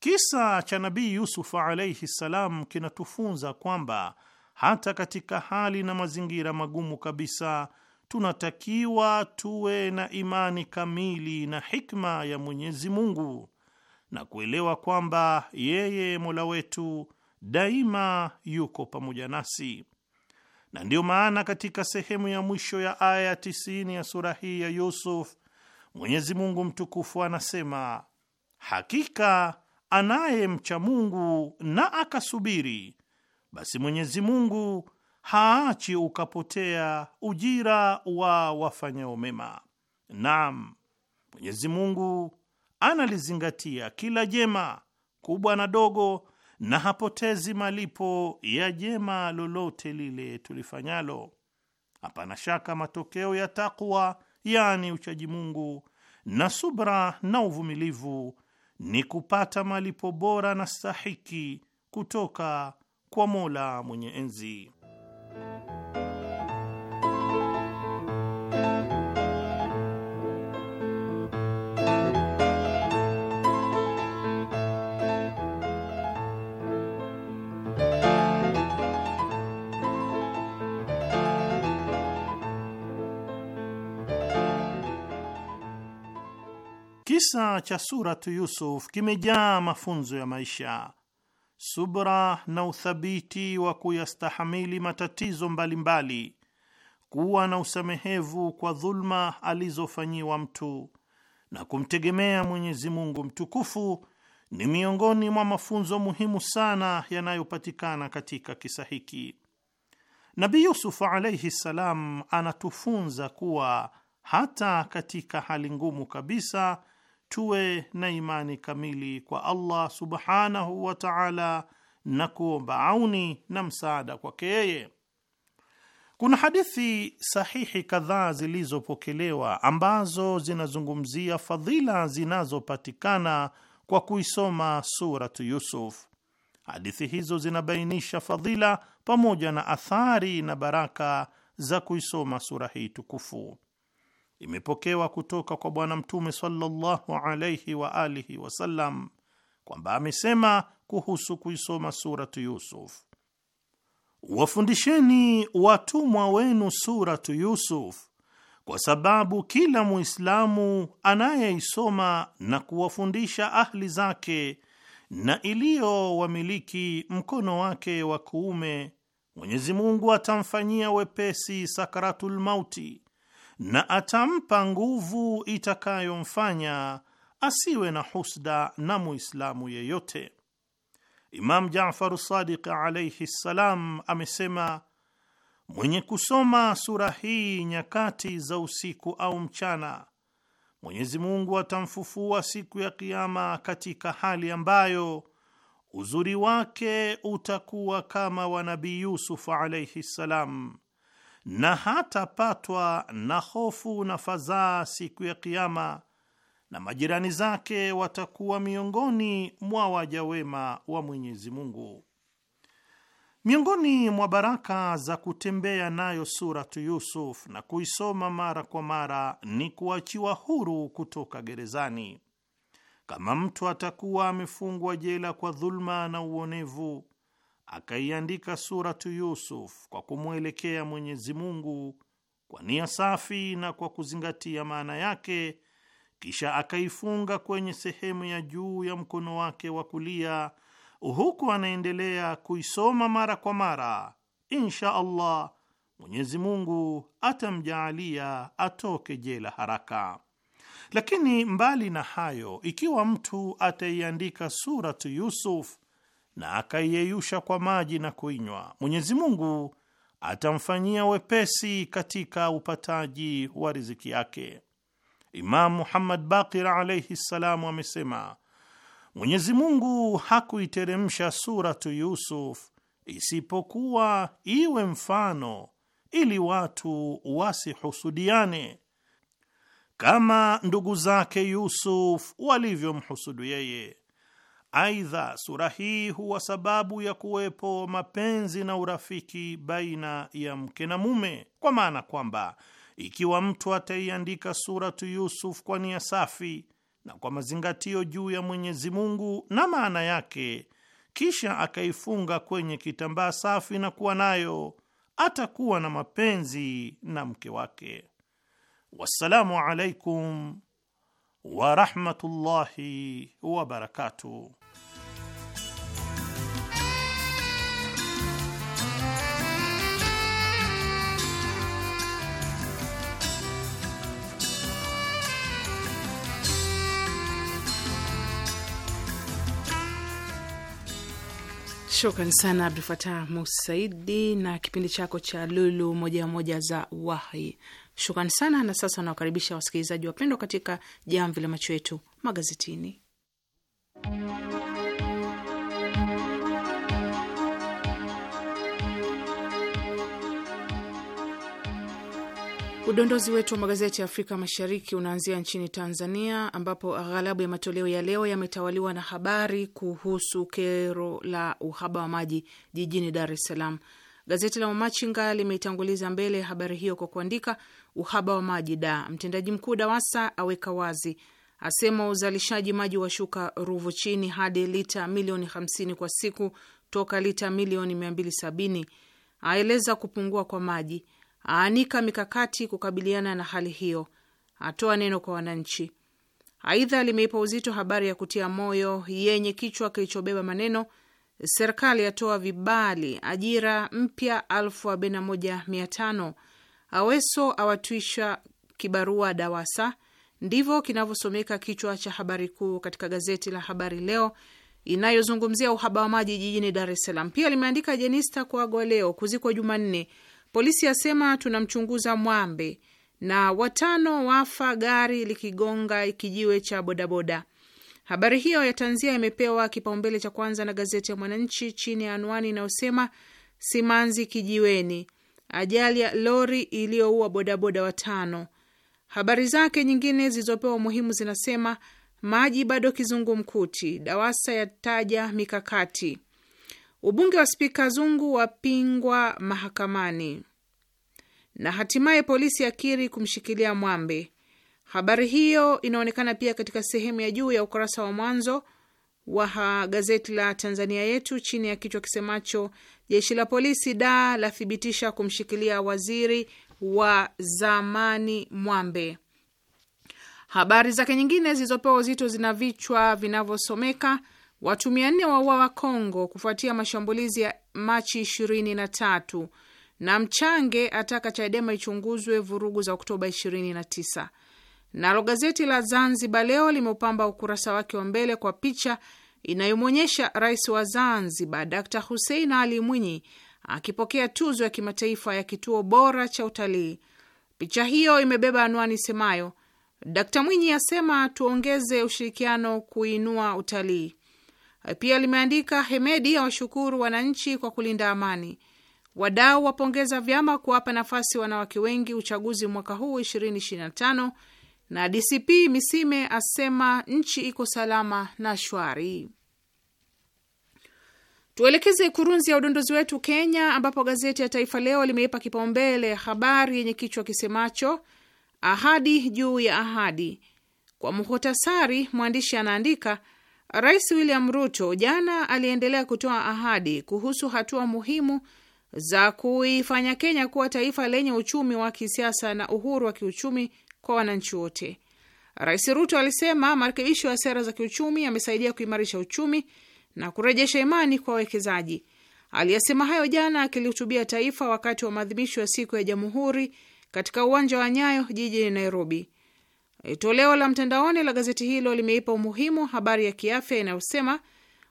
Kisa cha Nabii yusuf alaihi ssalam kinatufunza kwamba hata katika hali na mazingira magumu kabisa tunatakiwa tuwe na imani kamili na hikma ya Mwenyezi Mungu na kuelewa kwamba yeye Mola wetu daima yuko pamoja nasi na ndiyo maana katika sehemu ya mwisho ya aya ya 90 ya sura hii ya Yusuf, Mwenyezi Mungu mtukufu anasema, hakika anayemcha Mungu na akasubiri, basi Mwenyezi Mungu haachi ukapotea ujira wa wafanyao mema. Naam, Mwenyezi Mungu analizingatia kila jema, kubwa na dogo na hapotezi malipo ya jema lolote lile tulifanyalo. Hapana shaka matokeo ya takwa, yaani uchaji Mungu na subra na uvumilivu, ni kupata malipo bora na stahiki kutoka kwa Mola mwenye enzi. Kisa cha Suratu Yusuf kimejaa mafunzo ya maisha, subra na uthabiti wa kuyastahamili matatizo mbalimbali mbali, kuwa na usamehevu kwa dhulma alizofanyiwa mtu na kumtegemea Mwenyezi Mungu mtukufu ni miongoni mwa mafunzo muhimu sana yanayopatikana katika kisa hiki. Nabi yusuf alaihi ssalam anatufunza kuwa hata katika hali ngumu kabisa tuwe na imani kamili kwa Allah subhanahu wa taala na kuomba auni na msaada kwake yeye. Kuna hadithi sahihi kadhaa zilizopokelewa ambazo zinazungumzia fadhila zinazopatikana kwa kuisoma Suratu Yusuf. Hadithi hizo zinabainisha fadhila pamoja na athari na baraka za kuisoma sura hii tukufu imepokewa kutoka kwa Bwana Mtume sallallahu alaihi wa alihi wasallam kwamba amesema kuhusu kuisoma Suratu Yusuf, wafundisheni watumwa wenu Suratu Yusuf, kwa sababu kila Muislamu anayeisoma na kuwafundisha ahli zake na iliyowamiliki mkono wake wa kuume, Mwenyezi Mungu atamfanyia wepesi sakaratul mauti na atampa nguvu itakayomfanya asiwe na husda na Muislamu yeyote. Imam Jafaru Sadiq alaihi ssalam amesema mwenye kusoma sura hii nyakati za usiku au mchana, Mwenyezi Mungu atamfufua siku ya Kiama katika hali ambayo uzuri wake utakuwa kama wa Nabii Yusuf alaihi ssalam na hatapatwa na hofu na fadhaa siku ya Kiama, na majirani zake watakuwa miongoni mwa waja wema wa Mwenyezi Mungu. Miongoni mwa baraka za kutembea nayo Suratu Yusuf na kuisoma mara kwa mara ni kuachiwa huru kutoka gerezani. Kama mtu atakuwa amefungwa jela kwa dhuluma na uonevu akaiandika Suratu Yusuf kwa kumwelekea Mwenyezi Mungu kwa nia safi na kwa kuzingatia maana yake, kisha akaifunga kwenye sehemu ya juu ya mkono wake wa kulia, huku anaendelea kuisoma mara kwa mara. Insha Allah, Mwenyezi Mungu atamjaalia atoke jela haraka. Lakini mbali na hayo, ikiwa mtu ataiandika Suratu Yusuf na akaiyeyusha kwa maji na kuinywa, Mwenyezi Mungu atamfanyia wepesi katika upataji wa riziki yake. Imamu Muhammad Baqir alaihi ssalamu amesema Mwenyezi Mungu hakuiteremsha Suratu Yusuf isipokuwa iwe mfano ili watu wasihusudiane kama ndugu zake Yusuf walivyomhusudu yeye. Aidha, sura hii huwa sababu ya kuwepo mapenzi na urafiki baina ya mke na mume, kwa maana kwamba ikiwa mtu ataiandika Suratu Yusuf kwa nia safi na kwa mazingatio juu ya Mwenyezi Mungu na maana yake, kisha akaifunga kwenye kitambaa safi na kuwa nayo, atakuwa na mapenzi na mke wake. Wassalamu alaikum warahmatullahi wabarakatuh. Shukran sana Abdul Fatah Musaidi na kipindi chako cha Lulu moja moja za Wahi. Shukran sana. Na sasa nawakaribisha wasikilizaji wapendwa katika jamvi la macho yetu magazetini Udondozi wetu wa magazeti ya Afrika Mashariki unaanzia nchini Tanzania, ambapo aghalabu ya matoleo ya leo yametawaliwa na habari kuhusu kero la uhaba wa maji jijini Dar es Salaam. Gazeti la Wamachinga limeitanguliza mbele habari hiyo kwa kuandika uhaba wa maji da, mtendaji mkuu DAWASA aweka wazi, asema uzalishaji maji wa shuka Ruvu chini hadi lita milioni 50 kwa siku toka lita milioni 270, aeleza kupungua kwa maji Aanika mikakati kukabiliana na hali hiyo. Atoa neno kwa wananchi. Aidha, limeipa uzito habari ya kutia moyo yenye kichwa kilichobeba maneno serikali yatoa vibali ajira mpya elfu arobaini na moja mia tano Aweso awatwisha kibarua DAWASA. Ndivyo kinavyosomeka kichwa cha habari kuu katika gazeti la Habari Leo inayozungumzia uhaba wa maji jijini Dar es Salaam. Pia limeandika Jenista kuagwa leo, kuzikwa Jumanne, Polisi asema tunamchunguza Mwambe na watano wafa gari likigonga kijiwe cha bodaboda. Habari hiyo ya tanzia imepewa kipaumbele cha kwanza na gazeti ya Mwananchi chini ya anwani inayosema simanzi kijiweni, ajali ya lori iliyoua bodaboda watano. Habari zake nyingine zilizopewa umuhimu zinasema maji bado kizungumkuti, DAWASA yataja mikakati Ubunge wa spika Zungu wapingwa mahakamani, na hatimaye polisi akiri kumshikilia Mwambe. Habari hiyo inaonekana pia katika sehemu ya juu ya ukurasa wa mwanzo wa gazeti la Tanzania Yetu chini ya kichwa kisemacho jeshi la polisi da lathibitisha kumshikilia waziri wa zamani Mwambe. Habari zake nyingine zilizopewa uzito zina vichwa vinavyosomeka Watu mia nne wauawa Kongo kufuatia mashambulizi ya Machi 23 na Mchange ataka Chadema ichunguzwe vurugu za Oktoba 29. Nalo gazeti la Zanzibar Leo limeupamba ukurasa wake wa mbele kwa picha inayomwonyesha rais wa Zanzibar Dkt Hussein Ali Mwinyi akipokea tuzo ya kimataifa ya kituo bora cha utalii. Picha hiyo imebeba anwani semayo Dkt Mwinyi asema tuongeze ushirikiano kuinua utalii. Pia limeandika Hemedi awashukuru wananchi kwa kulinda amani, wadau wapongeza vyama kuwapa nafasi wanawake wengi uchaguzi mwaka huu 2025 na DCP Misime asema nchi iko salama na shwari. Tuelekeze kurunzi ya udondozi wetu Kenya, ambapo gazeti ya Taifa Leo limeipa kipaumbele habari yenye kichwa kisemacho ahadi juu ya ahadi. Kwa muhtasari, mwandishi anaandika Rais William Ruto jana aliendelea kutoa ahadi kuhusu hatua muhimu za kuifanya Kenya kuwa taifa lenye uchumi wa kisiasa na uhuru wa kiuchumi kwa wananchi wote. Rais Ruto alisema marekebisho ya sera za kiuchumi yamesaidia kuimarisha uchumi na kurejesha imani kwa wawekezaji. Aliyasema hayo jana akilihutubia taifa wakati wa maadhimisho ya siku ya Jamhuri katika uwanja wa Nyayo jijini Nairobi. Eh, toleo la mtandaoni la gazeti hilo limeipa umuhimu habari ya kiafya inayosema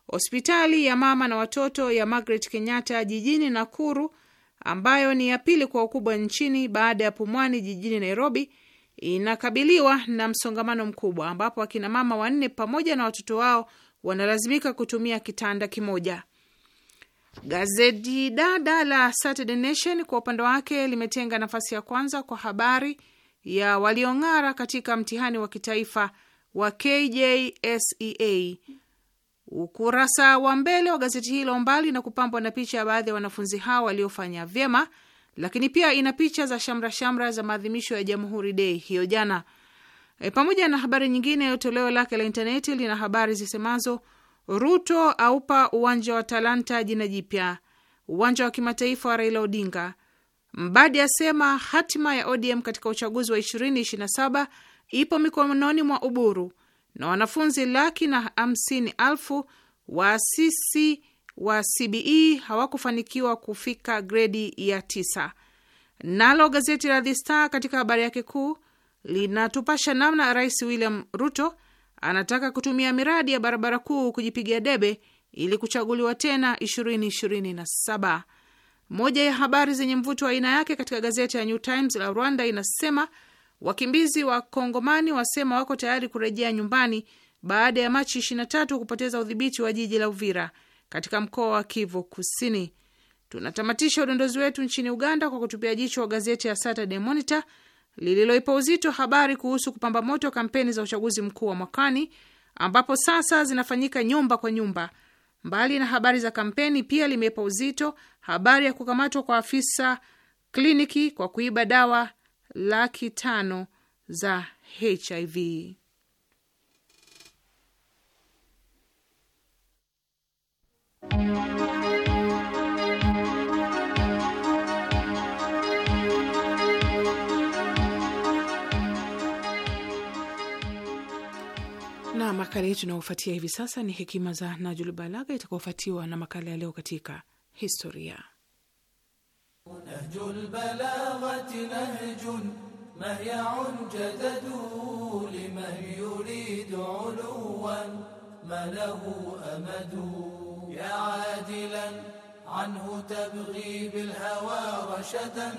hospitali ya mama na watoto ya Margaret Kenyatta jijini Nakuru, ambayo ni ya pili kwa ukubwa nchini baada ya Pumwani jijini Nairobi, inakabiliwa na msongamano mkubwa, ambapo akinamama wanne pamoja na watoto wao wanalazimika kutumia kitanda kimoja. Gazeti dada la Saturday Nation kwa upande wake limetenga nafasi ya kwanza kwa habari ya waliong'ara katika mtihani wa kitaifa wa KJSEA. Ukurasa wa mbele wa gazeti hilo, mbali na kupambwa na picha ya baadhi ya wanafunzi hao waliofanya vyema, lakini pia ina picha za shamra shamra za maadhimisho ya Jamhuri Dei hiyo jana. E, pamoja na habari nyingine, toleo lake la intaneti lina habari zisemazo Ruto aupa uwanja wa Talanta jina jipya, uwanja wa kimataifa wa Raila Odinga Mbadi asema hatima ya ODM katika uchaguzi wa 2027 ipo mikononi mwa Uburu na wanafunzi laki na hamsini waasisi wa CBE hawakufanikiwa kufika gredi ya tisa. Nalo gazeti la The Star katika habari yake kuu linatupasha namna Rais William Ruto anataka kutumia miradi ya barabara kuu kujipiga debe ili kuchaguliwa tena 2027. Moja ya habari zenye mvuto wa aina yake katika gazeti ya New Times la Rwanda inasema wakimbizi wa Kongomani wasema wako tayari kurejea nyumbani baada ya Machi 23 kupoteza udhibiti wa jiji la Uvira katika mkoa wa Kivu Kusini. Tunatamatisha udondozi wetu nchini Uganda kwa kutupia jicho gazeti ya Saturday Monitor lililoipa uzito habari kuhusu kupamba moto kampeni za uchaguzi mkuu wa mwakani, ambapo sasa zinafanyika nyumba kwa nyumba. Mbali na habari za kampeni, pia limeipa uzito habari ya kukamatwa kwa afisa kliniki kwa kuiba dawa laki tano za HIV. Na makala yetu inayofuatia hivi sasa ni hekima za Najul balaga itakaofuatiwa na makala ya leo katika هيستوريا نهج البلاغة نهج مهيع جدد لمن يريد علوا ما له أمد يا عادلا عنه تبغي بالهوى رشدا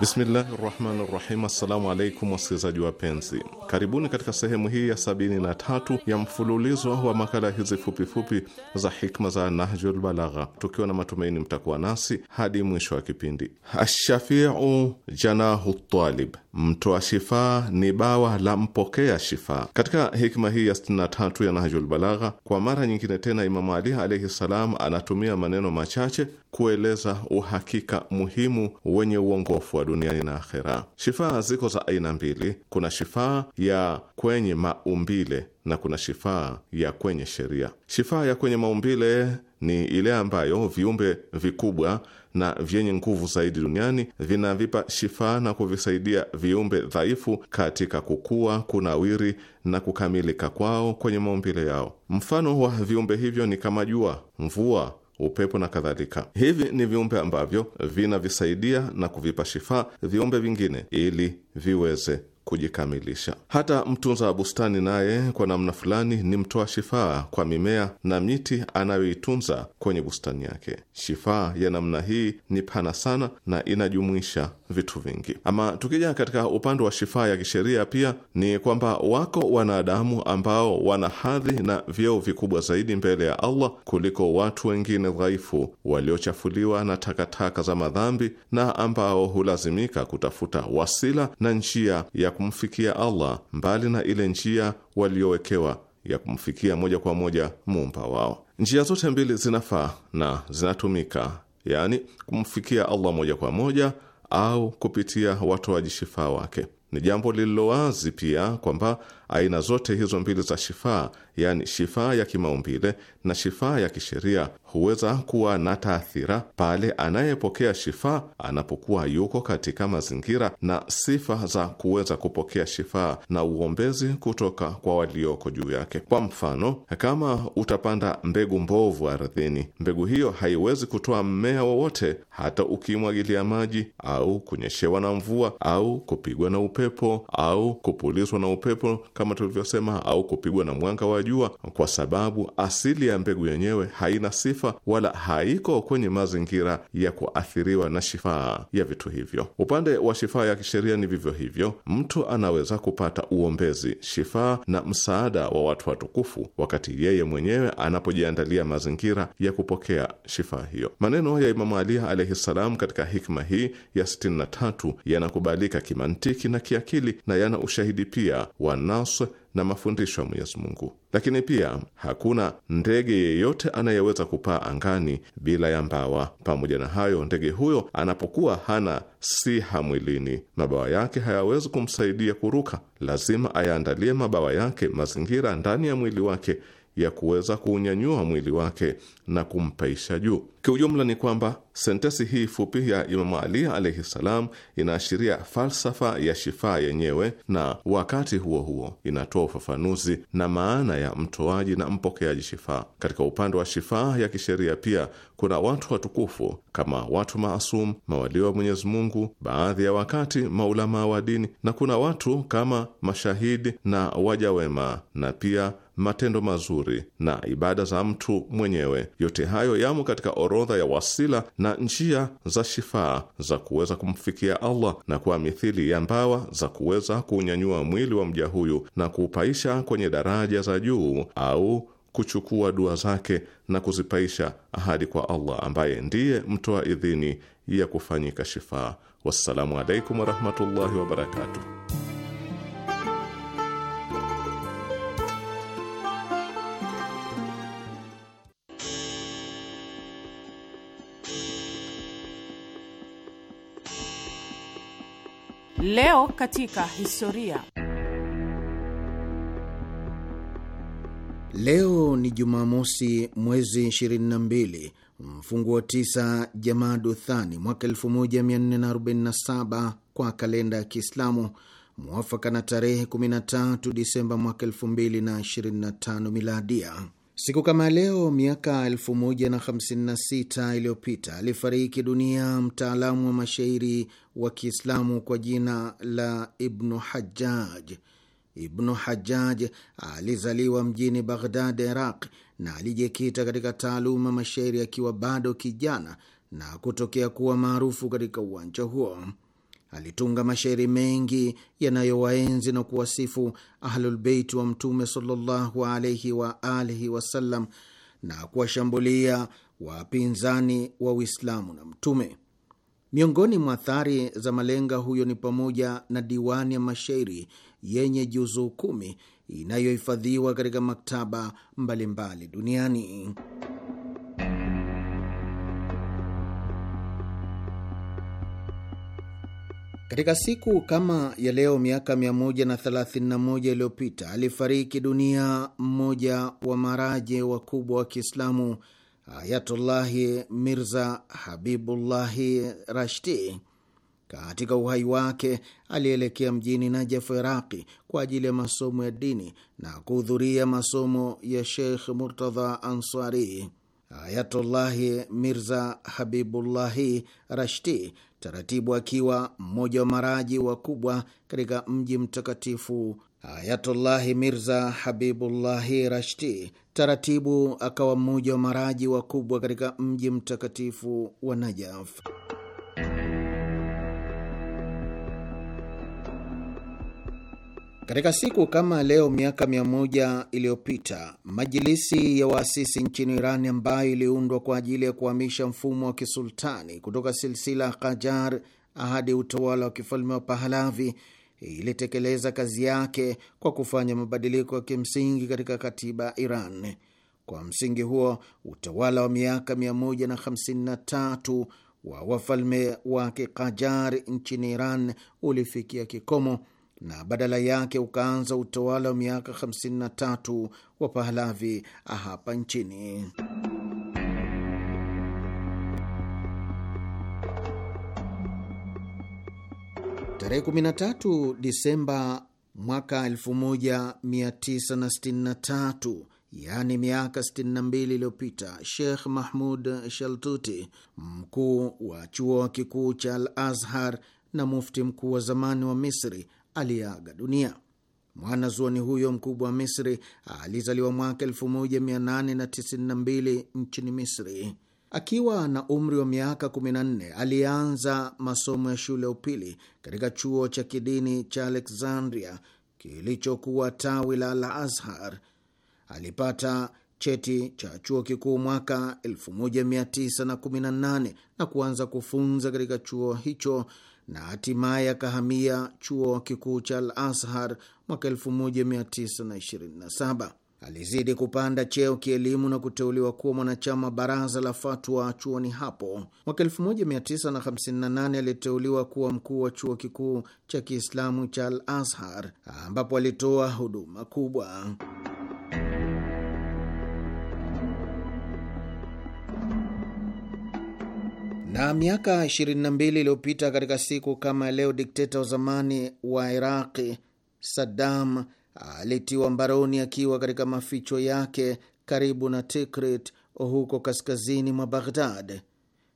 Bismillahi rahmani rahim. Assalamu alaikum wasikilizaji wapenzi, karibuni katika sehemu hii ya sabini na tatu ya mfululizo wa makala hizi fupifupi za hikma za Nahjul Balagha, tukiwa na matumaini mtakuwa nasi hadi mwisho wa kipindi. Ashafiu janahu talib, mtoa shifaa ni bawa la mpokea shifaa. Katika hikma hii ya sitini na tatu ya Nahjul Balagha, kwa mara nyingine tena, Imamu Ali alaihi ssalam anatumia maneno machache kueleza uhakika muhimu wenye uongofu duniani na akhera. Shifaa ziko za aina mbili, kuna shifaa ya kwenye maumbile na kuna shifaa ya kwenye sheria. Shifaa ya kwenye maumbile ni ile ambayo viumbe vikubwa na vyenye nguvu zaidi duniani vinavipa shifaa na kuvisaidia viumbe dhaifu katika kukua, kunawiri na kukamilika kwao kwenye maumbile yao. Mfano wa viumbe hivyo ni kama jua, mvua upepo na kadhalika. Hivi ni viumbe ambavyo vinavisaidia na kuvipa shifaa viumbe vingine ili viweze kujikamilisha. Hata mtunza wa bustani naye kwa namna fulani ni mtoa shifaa kwa mimea na miti anayoitunza kwenye bustani yake. Shifaa ya namna hii ni pana sana na inajumuisha vitu vingi. Ama tukija katika upande wa shifaa ya kisheria, pia ni kwamba wako wanadamu ambao wana hadhi na vyeo vikubwa zaidi mbele ya Allah kuliko watu wengine dhaifu waliochafuliwa na takataka za madhambi na ambao hulazimika kutafuta wasila na njia ya kumfikia Allah mbali na ile njia waliowekewa ya kumfikia moja kwa moja muumba wao. Njia zote mbili zinafaa na zinatumika, yaani kumfikia Allah moja kwa moja au kupitia watoaji shifaa wake. Ni jambo lililowazi pia kwamba Aina zote hizo mbili za shifaa, yaani shifaa ya kimaumbile na shifaa ya kisheria, huweza kuwa na taathira pale anayepokea shifaa anapokuwa yuko katika mazingira na sifa za kuweza kupokea shifaa na uombezi kutoka kwa walioko juu yake. Kwa mfano, kama utapanda mbegu mbovu ardhini, mbegu hiyo haiwezi kutoa mmea wowote, hata ukimwagilia maji au kunyeshewa na mvua au kupigwa na upepo au kupulizwa na upepo kama tulivyosema, au kupigwa na mwanga wa jua, kwa sababu asili ya mbegu yenyewe haina sifa wala haiko kwenye mazingira ya kuathiriwa na shifaa ya vitu hivyo. Upande wa shifaa ya kisheria ni vivyo hivyo, mtu anaweza kupata uombezi, shifaa na msaada wa watu watukufu wakati yeye mwenyewe anapojiandalia mazingira ya kupokea shifaa hiyo. Maneno ya Imamu Ali alaihi salam katika hikma hii ya 63 yanakubalika kimantiki na kiakili na yana ushahidi pia wana khas na mafundisho ya Mwenyezi Mungu. Lakini pia hakuna ndege yeyote anayeweza kupaa angani bila ya mbawa. Pamoja na hayo, ndege huyo anapokuwa hana siha mwilini, mabawa yake hayawezi kumsaidia kuruka. Lazima ayaandalie mabawa yake mazingira ndani ya mwili wake ya kuweza kuunyanyua mwili wake na kumpaisha juu. Kiujumla ni kwamba sentesi hii fupi ya Imamu Ali alaihi ssalam inaashiria falsafa ya shifaa yenyewe, na wakati huo huo inatoa ufafanuzi na maana ya mtoaji na mpokeaji shifaa. Katika upande wa shifaa ya kisheria, pia kuna watu watukufu kama watu maasum, mawalio wa Mwenyezi Mungu, baadhi ya wakati maulamaa wa dini, na kuna watu kama mashahidi na waja wema, na pia matendo mazuri na ibada za mtu mwenyewe, yote hayo yamo katika orodha ya wasila na njia za shifaa za kuweza kumfikia Allah, na kwa mithili ya mbawa za kuweza kuunyanyua mwili wa mja huyu na kuupaisha kwenye daraja za juu au kuchukua dua zake na kuzipaisha ahadi kwa Allah ambaye ndiye mtoa idhini ya kufanyika shifaa. Wassalamu alaikum warahmatullahi wabarakatuh. Leo katika historia. Leo ni Jumamosi, mwezi 22 mfungu wa tisa Jamadu Thani mwaka 1447 kwa kalenda ya Kiislamu, mwafaka na tarehe 13 Disemba mwaka 2025 miladia. Siku kama leo miaka 156 iliyopita alifariki dunia mtaalamu wa mashairi wa Kiislamu kwa jina la Ibnu Hajjaj. Ibnu Hajjaj alizaliwa mjini Baghdad, Iraq, na alijikita katika taaluma mashairi akiwa bado kijana na kutokea kuwa maarufu katika uwanja huo alitunga mashairi mengi yanayowaenzi na kuwasifu Ahlulbeiti wa Mtume sallallahu alaihi wa alihi wasallam na kuwashambulia wapinzani wa Uislamu na Mtume. Miongoni mwa athari za malenga huyo ni pamoja na diwani ya mashairi yenye juzuu kumi inayohifadhiwa katika maktaba mbalimbali mbali duniani. Katika siku kama ya leo miaka 131 iliyopita alifariki dunia mmoja wa maraje wakubwa wa Kiislamu, Ayatullahi Mirza Habibullahi Rashti. Katika uhai wake alielekea mjini Najafu, Iraqi, kwa ajili ya masomo ya dini na kuhudhuria masomo ya Sheikh Murtadha Ansari. Ayatullahi Mirza Habibullahi Rashti taratibu, akiwa mmoja wa maraji wakubwa katika mji mtakatifu Ayatullahi Mirza Habibullahi Rashti. Taratibu akawa mmoja wa maraji wakubwa katika mji mtakatifu wa Najaf. Katika siku kama leo miaka mia moja iliyopita majilisi ya waasisi nchini Iran ambayo iliundwa kwa ajili ya kuhamisha mfumo wa kisultani kutoka silsila Kajar hadi utawala wa kifalme wa Pahalavi ilitekeleza kazi yake kwa kufanya mabadiliko ya kimsingi katika katiba ya Iran. Kwa msingi huo, utawala wa miaka 153 wa wafalme wake Kajar nchini Iran ulifikia kikomo na badala yake ukaanza utawala wa miaka 53 wa Pahlavi hapa nchini. Tarehe 13 Disemba mwaka 1963 yaani miaka 62 iliyopita, Sheikh Mahmud Shaltuti, mkuu wa chuo kikuu cha Al Azhar na mufti mkuu wa zamani wa Misri, aliyeaga dunia. Mwanazuoni huyo mkubwa wa Misri alizaliwa mwaka 1892 nchini Misri. Akiwa na umri wa miaka 14 alianza masomo ya shule ya upili katika chuo cha kidini cha Alexandria kilichokuwa tawi la Al Azhar. Alipata cheti cha chuo kikuu mwaka 1918 na kuanza kufunza katika chuo hicho na hatimaye akahamia chuo kikuu cha Al Azhar mwaka 1927. Alizidi kupanda cheo kielimu na kuteuliwa kuwa mwanachama baraza la fatwa chuoni hapo. Mwaka 1958 aliteuliwa kuwa mkuu wa chuo kikuu cha Kiislamu cha Al Azhar ambapo alitoa huduma kubwa. Na miaka 22 iliyopita katika siku kama leo, dikteta wa zamani wa Iraqi Saddam alitiwa mbaroni akiwa katika maficho yake karibu na Tikrit huko kaskazini mwa Baghdad.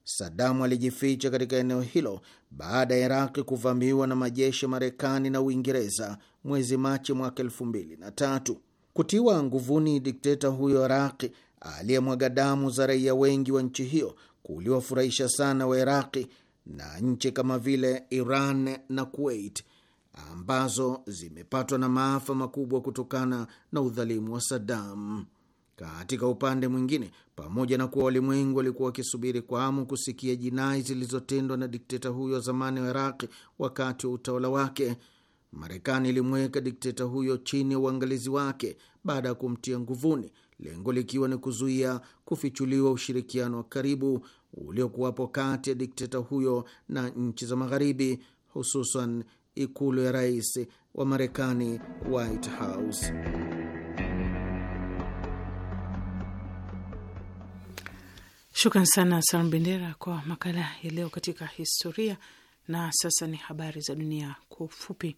Sadamu alijificha katika eneo hilo baada ya Iraqi kuvamiwa na majeshi ya Marekani na Uingereza mwezi Machi mwaka elfu mbili na tatu. Kutiwa nguvuni dikteta huyo Iraqi aliyemwaga damu za raia wengi wa nchi hiyo kuliwafurahisha sana Wairaqi na nchi kama vile Iran na Kuwait ambazo zimepatwa na maafa makubwa kutokana na udhalimu wa Saddam. Katika upande mwingine, pamoja na kuwa walimwengu walikuwa wakisubiri kwa hamu kusikia jinai zilizotendwa na dikteta huyo wa zamani wa Iraqi wakati wa utawala wake, Marekani ilimweka dikteta huyo chini ya uangalizi wake baada ya kumtia nguvuni lengo likiwa ni kuzuia kufichuliwa ushirikiano wa karibu uliokuwapo kati ya dikteta huyo na nchi za Magharibi, hususan ikulu ya rais wa Marekani, White House. Shukran sana salam Bendera kwa makala ya leo katika historia. Na sasa ni habari za dunia kwa ufupi.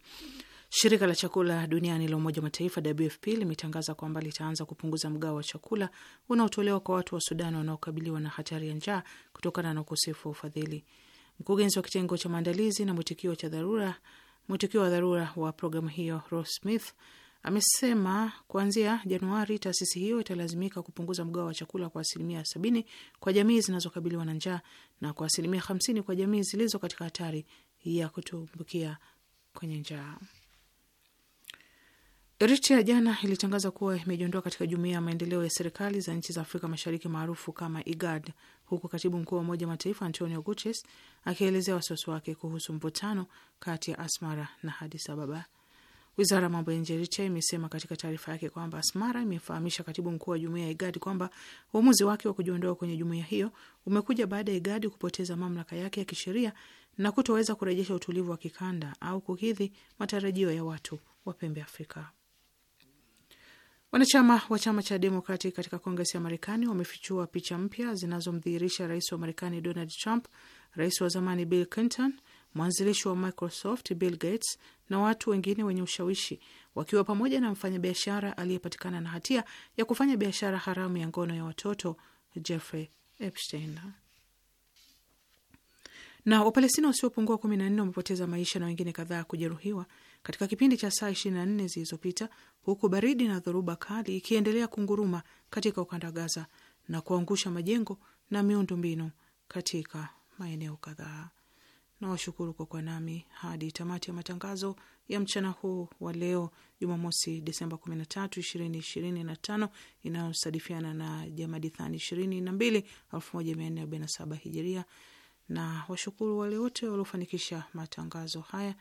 Shirika la chakula duniani la Umoja wa Mataifa WFP limetangaza kwamba litaanza kupunguza mgao wa chakula unaotolewa kwa watu wa Sudan wanaokabiliwa na hatari ya njaa kutokana na ukosefu wa ufadhili. Mkurugenzi wa kitengo cha maandalizi na mwitikio cha dharura, mwitikio wa dharura wa programu hiyo Ross Smith amesema kuanzia Januari taasisi hiyo italazimika kupunguza mgao wa chakula kwa asilimia sabini kwa jamii zinazokabiliwa na njaa na kwa asilimia hamsini kwa jamii zilizo katika hatari ya kutumbukia kwenye njaa. Eritrea jana ilitangaza kuwa imejiondoa katika jumuiya ya maendeleo ya serikali za nchi za Afrika Mashariki maarufu kama IGAD, huku katibu mkuu wa Umoja Mataifa Antonio Guterres akielezea wasiwasi wake kuhusu mvutano kati ya Asmara na Hadis Ababa. Wizara ya mambo ya nje Eritrea imesema katika taarifa yake kwamba Asmara imefahamisha katibu mkuu wa jumuiya ya IGAD kwamba uamuzi wake wa kujiondoa kwenye jumuiya hiyo umekuja baada ya IGAD kupoteza mamlaka yake ya kisheria na kutoweza kurejesha utulivu wa kikanda au kukidhi matarajio ya watu wa pembe Afrika. Wanachama wa chama cha Demokrati katika Kongresi ya Marekani wamefichua picha mpya zinazomdhihirisha rais wa Marekani Donald Trump, rais wa zamani Bill Clinton, mwanzilishi wa Microsoft Bill Gates na watu wengine wenye ushawishi, wakiwa pamoja na mfanyabiashara aliyepatikana na hatia ya kufanya biashara haramu ya ngono ya watoto Jeffrey Epstein na Wapalestina wasiopungua kumi na nne wamepoteza maisha na wengine kadhaa kujeruhiwa katika kipindi cha saa 24 zilizopita, huku baridi na dhoruba kali ikiendelea kunguruma katika ukanda wa Gaza na kuangusha majengo na miundombinu katika maeneo kadhaa. Nawashukuru kwa kuwa nami hadi tamati ya matangazo ya mchana huu wa leo Jumamosi, Desemba 13, 2025 inayosadifiana na Jamadithani 22, 1447 hijiria na washukuru wale wote waliofanikisha matangazo haya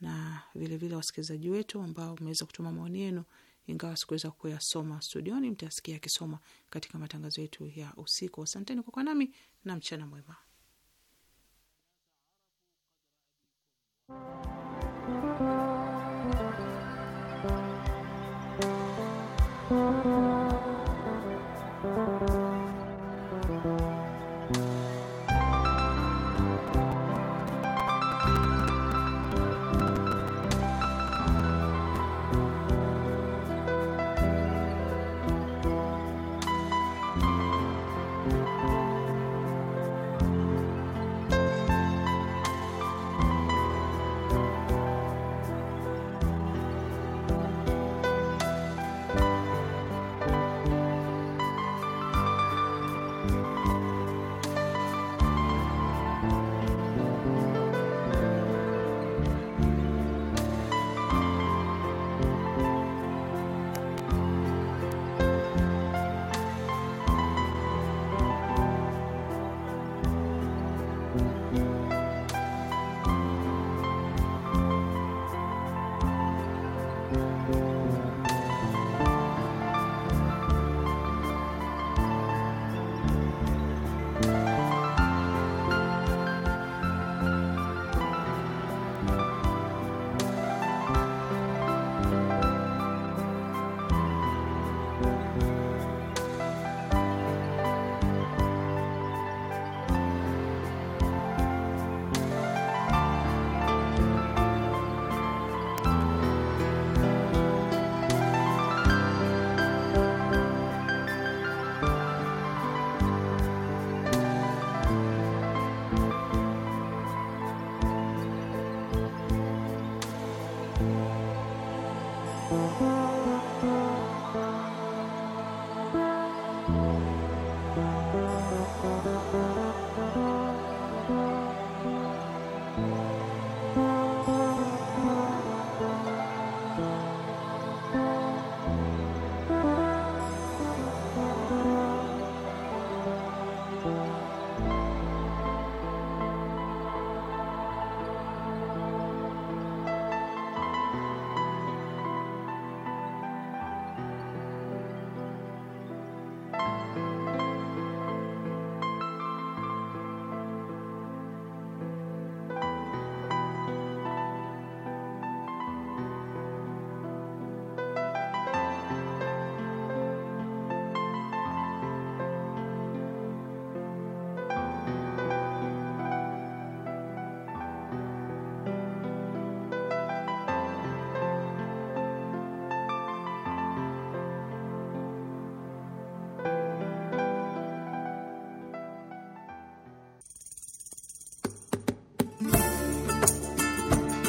na vilevile wasikilizaji wetu ambao mmeweza kutuma maoni yenu, ingawa sikuweza kuyasoma studioni. Mtasikia akisoma katika matangazo yetu ya usiku. Asanteni kwa kuwa nami na mchana mwema.